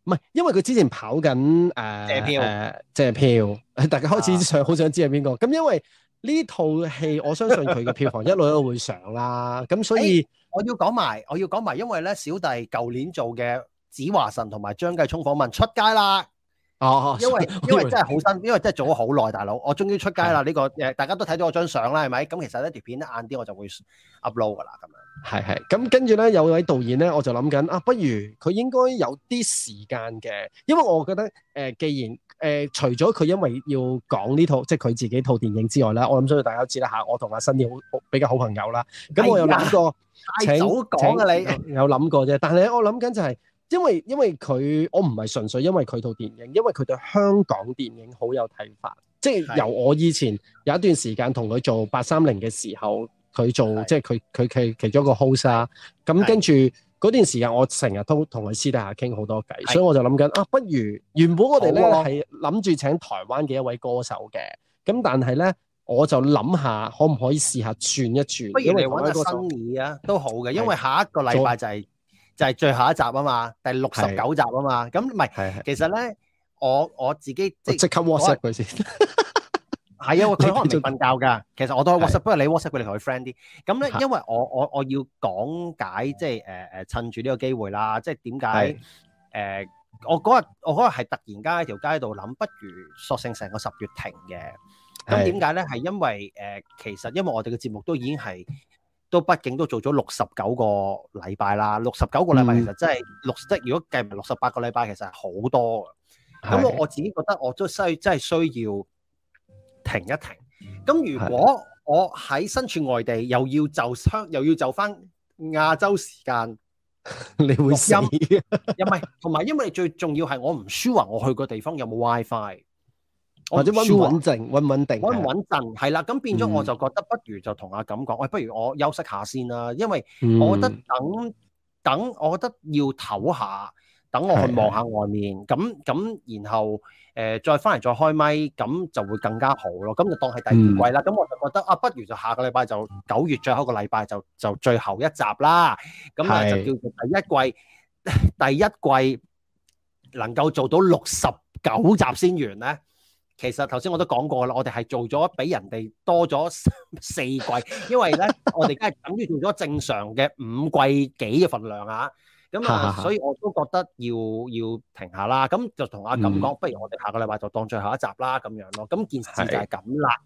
唔係，因為佢之前跑緊誒借票，借票，大家開始想好想知係邊個。咁、啊、因為呢套戲，我相信佢嘅票房一路都會上啦。咁 所以我要講埋，我要講埋，因為咧小弟舊年做嘅《紫華神》同埋張繼聰訪問出街啦。哦、啊，因為，以為因為真係好新，因為真係做咗好耐，大佬，我終於出街啦！呢的、這個誒，大家都睇到我張相啦，係咪？咁其實呢條片晏啲我就會 upload 噶啦，咁樣。係係，咁跟住咧有位導演咧，我就諗緊啊，不如佢應該有啲時間嘅，因為我覺得誒、呃，既然誒、呃、除咗佢因為要講呢套即係佢自己套電影之外咧，我諗所以大家知啦吓，我同阿新申好比較好朋友啦，咁我有諗過，哎、呀請你請請、呃、有諗過啫，但係我諗緊就係、是，因為因為佢我唔係純粹因為佢套電影，因為佢對香港電影好有睇法，即係由我以前有一段時間同佢做八三零嘅時候。佢做是的 即係佢佢其中一個 host 咁跟住嗰段時間，我成日都同佢私底下傾好多偈，是的 所以我就諗緊啊，不如原本我哋咧係諗住請台灣嘅一位歌手嘅，咁的、啊、但係咧我就諗下可唔可以試下轉一轉不如嚟講一個新意啊，都好嘅，因為下一個禮拜就係、是、就係、是、最後一集啊嘛，第六十九集啊嘛，咁唔係，是的 其實咧我我自己，即刻 WhatsApp 佢先。我 係啊，佢可能瞓覺噶。 其實我都係 WhatsApp，不過你 WhatsApp 佢，是的 Wh 你同佢 friend 啲。咁咧，因為我我我要講解，即係誒誒，趁住呢個機會啦，即係點解？誒是的、呃，我嗰日我可能係突然間喺條街度諗，不如索性成個十月停嘅。咁點解咧？係是的 因為誒、呃，其實因為我哋嘅節目都已經係都畢竟都做咗六十九個禮拜啦，六十九個禮拜其實真係六，即如果計埋六十八個禮拜，其實係好多嘅。咁我是的 我自己覺得我都需真係需要。停一停，咁、嗯、如果我喺身處外地又，又要就香，又要就翻亞洲時間，你會心 又唔係，同埋因為最重要係我唔 sure 話我去個地方有冇 WiFi，或者穩唔穩靜、穩唔穩定、穩唔穩陣，係啦，咁變咗我就覺得不如就同阿錦講，喂，不如我休息下先啦，因為我覺得等、嗯、等，我覺得要唞下。等我去望下外面，咁咁，然後誒再翻嚟再開咪，咁就會更加好咯。咁就當係第二季啦。咁我就覺得啊，不如就下個禮拜就九月最後一個禮拜就就最後一集啦。咁啊就叫做第一季，第一季能夠做到六十九集先完咧。其實頭先我都講過啦，我哋係做咗比人哋多咗四季，因為咧我哋梗係等於做咗正常嘅五季幾嘅份量啊。咁啊， 所以我都覺得要要停下啦。咁就同阿錦講，嗯、不如我哋下個禮拜就當最後一集啦，咁樣咯。咁件事就係咁啦。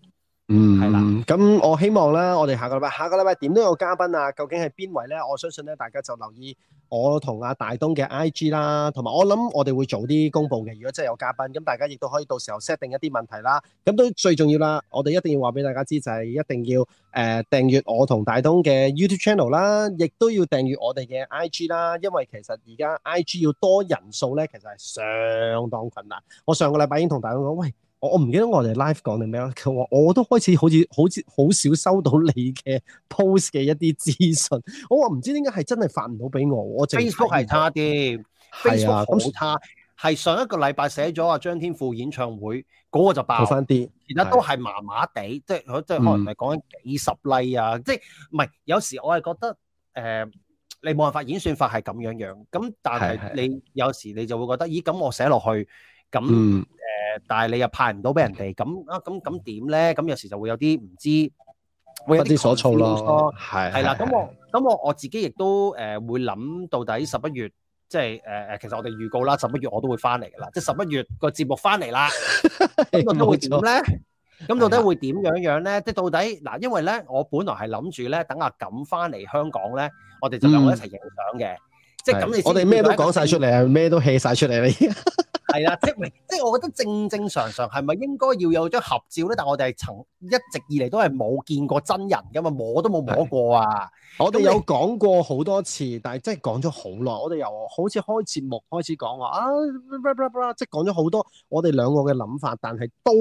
嗯，係啦，咁我希望咧，我哋下個禮拜，下個禮拜點都有嘉賓啊？究竟係邊位咧？我相信咧，大家就留意我同阿大東嘅 I G 啦，同埋我諗我哋會早啲公布嘅。如果真係有嘉賓，咁大家亦都可以到時候 set 定一啲問題啦。咁都最重要啦，我哋一定要話俾大家知，就係一定要誒訂閱我同大東嘅 YouTube channel 啦，亦都要訂閱我哋嘅 I G 啦。因為其實而家 I G 要多人數咧，其實係相當困難。我上個禮拜已經同大東講，喂。我唔記得我哋 live 講定咩咯？佢話我都開始好似好似好少收到你嘅 post 嘅一啲資訊。我話唔知點解係真係發唔到俾我。我 Facebook 係差啲，係啊，Facebook 好差，差係上一個禮拜寫咗阿張天賦演唱會嗰、那個就爆翻啲，其他都係麻麻地，即係即係可能係講緊幾十 like 啊，嗯、即係唔係有時我係覺得誒、呃，你冇辦法演算法係咁樣樣，咁但係你有時你就會覺得，咦咁我寫落去咁。誒，但係你又派唔到俾人哋，咁啊，咁咁點咧？咁有時就會有啲唔知，會不知所措咯，係係啦。咁我咁我我自己亦都誒會諗到底十一月，即係誒誒，其實我哋預告啦，十一月我都會翻嚟㗎啦，即係十一月個節目翻嚟啦，呢個都會點咧？咁到底會點樣樣咧？即係到底嗱，因為咧，我本來係諗住咧，等阿錦翻嚟香港咧，我哋就兩個一齊影相嘅。即係咁，你我哋咩都講晒出嚟 啊，咩都 hea 晒出嚟你係啦，即係明，即係我覺得正正常常係咪應該要有張合照咧？但係我哋係從一直以嚟都係冇見過真人噶嘛，摸都冇摸過啊！我哋有講你過好多次，但係真係講咗好耐。我哋又好似開節目開始講話啊，即係講咗好多我哋兩個嘅諗法，但係都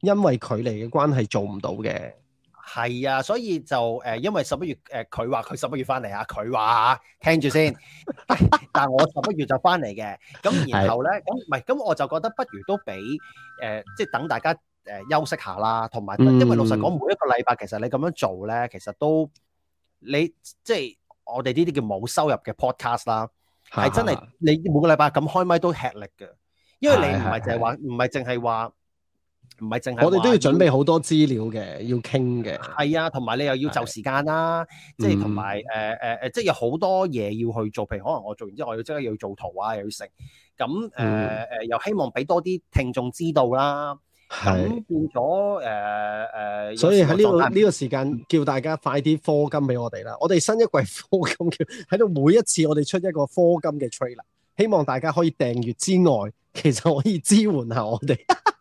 因為距離嘅關係做唔到嘅。係啊，所以就誒、呃，因為十一月誒，佢話佢十一月翻嚟啊，佢話聽住先。 但係我十一月就翻嚟嘅，咁然後咧，咁唔係，咁我就覺得不如都俾誒，即、呃、係、就是、等大家誒休息下啦。同埋，因為老實講，嗯、每一個禮拜其實你咁樣做咧，其實都你即係我哋呢啲叫冇收入嘅 podcast 啦，係是、啊、真係你每個禮拜咁開咪都吃力㗎，因為你唔係淨係話，唔係淨係話。唔係淨係，是是我哋都要準備好多資料嘅，要傾嘅。係啊，同埋你又要就時間啦，即係同埋誒誒誒，即係有好多嘢要去做。譬如可能我做完之後，我要即刻要做圖啊，又要食。咁誒誒，又希望俾多啲聽眾知道啦。咁的變咗誒誒，呃呃、所以喺呢個呢個時間，呃、叫大家快啲科金俾我哋啦。我哋新一季科金嘅喺度，每一次我哋出一個科金嘅 trailer，希望大家可以訂閱之外，其實可以支援一下我哋。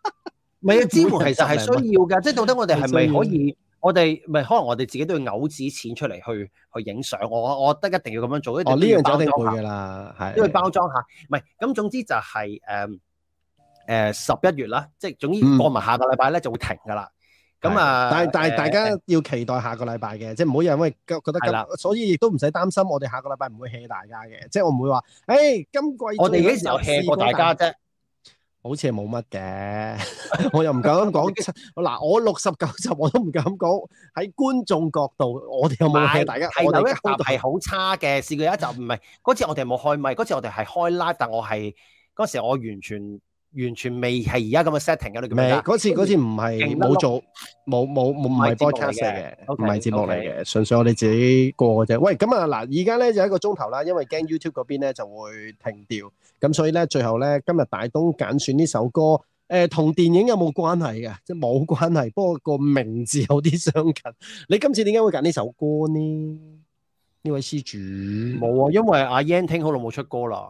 唔係啊，支付其實係需要嘅，即係到底我哋係咪可以，我哋唔係可能我哋自己都要攪紙錢出嚟去去影相，我我覺得一定要咁樣做，哦、一定要包裝下，因為包裝下唔係咁。總之就係誒誒十一月啦，即係總之過埋下個禮拜咧就會停㗎啦。咁啊、嗯那，但係但係大家要期待下個禮拜嘅，即係唔好因為覺得咁，是的 所以亦都唔使擔心，我哋下個禮拜唔會氣大家嘅，即係我唔會話誒、欸、今季我哋幾時有氣過大家啫。是的 好似係冇乜嘅，我又唔敢咁講。嗱，我六十九集我都唔敢講，喺觀眾角度，我哋有冇大家？是我哋嘅答係好差嘅。試過一集唔係嗰次，我哋冇開咪，嗰次我哋係開，開 live，但我係嗰時我完全。完全未係而家咁嘅 setting 啊！你未嗰次，嗰次唔係冇做，冇冇冇，唔係 broadcast 嘅，唔係節目嚟嘅，純粹我哋自己過嘅啫。喂，咁啊嗱，而家咧就一個鐘頭啦，因為驚 YouTube 嗰邊咧就會停掉，咁所以咧最後咧今日大東揀選呢首歌，誒同電影有冇關係嘅？即係冇關係，不過個名字有啲相近。你今次點解會揀呢首歌呢？呢位施主冇啊，因為阿 Yan 聽好耐冇出歌啦。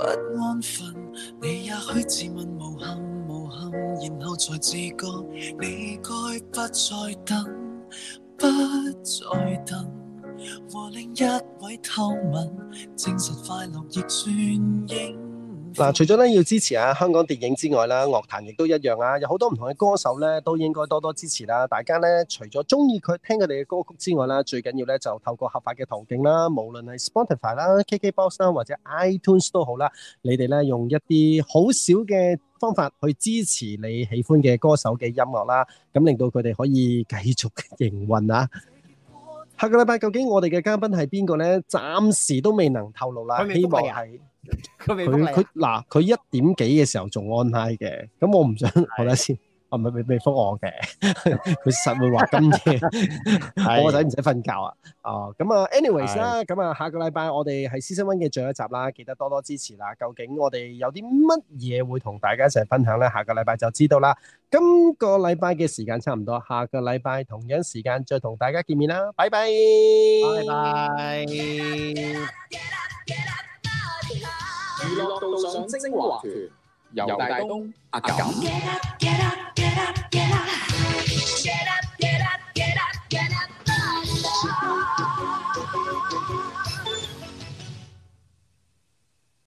不安分，你也許自問無憾無憾，然後才自覺你該不再等，不再等，和另一位偷吻，證實快樂亦算應。嗱，除咗咧要支持啊香港電影之外啦，樂壇亦都一樣有好多唔同嘅歌手咧，都應該多多支持啦。大家咧，除咗中意佢聽佢哋嘅歌曲之外啦，最緊要咧就透過合法嘅途徑啦，無論係 Spotify 啦、KKBox 啦或者 iTunes 都好啦，你哋咧用一啲好少嘅方法去支持你喜歡嘅歌手嘅音樂啦，咁令到佢哋可以繼續營運啊。下個禮拜究竟我哋嘅嘉賓係邊個咧？暫時都未能透露啦，希望係。佢佢嗱，佢一、啊、點幾嘅時候仲 online 嘅，咁我唔想，的我睇先，啊唔係未未覆我嘅，佢 實會話咁夜， 的我仔唔使瞓覺啊，哦，咁啊，anyways 啦的，咁啊，下個禮拜我哋係 Season 1嘅最後一集啦，記得多多支持啦，究竟我哋有啲乜嘢會同大家一齊分享咧？下個禮拜就知道啦。今個禮拜嘅時間差唔多，下個禮拜同樣時間再同大家見面啦，拜拜。Bye bye bye bye 娛樂導賞精華團，游大東、阿九。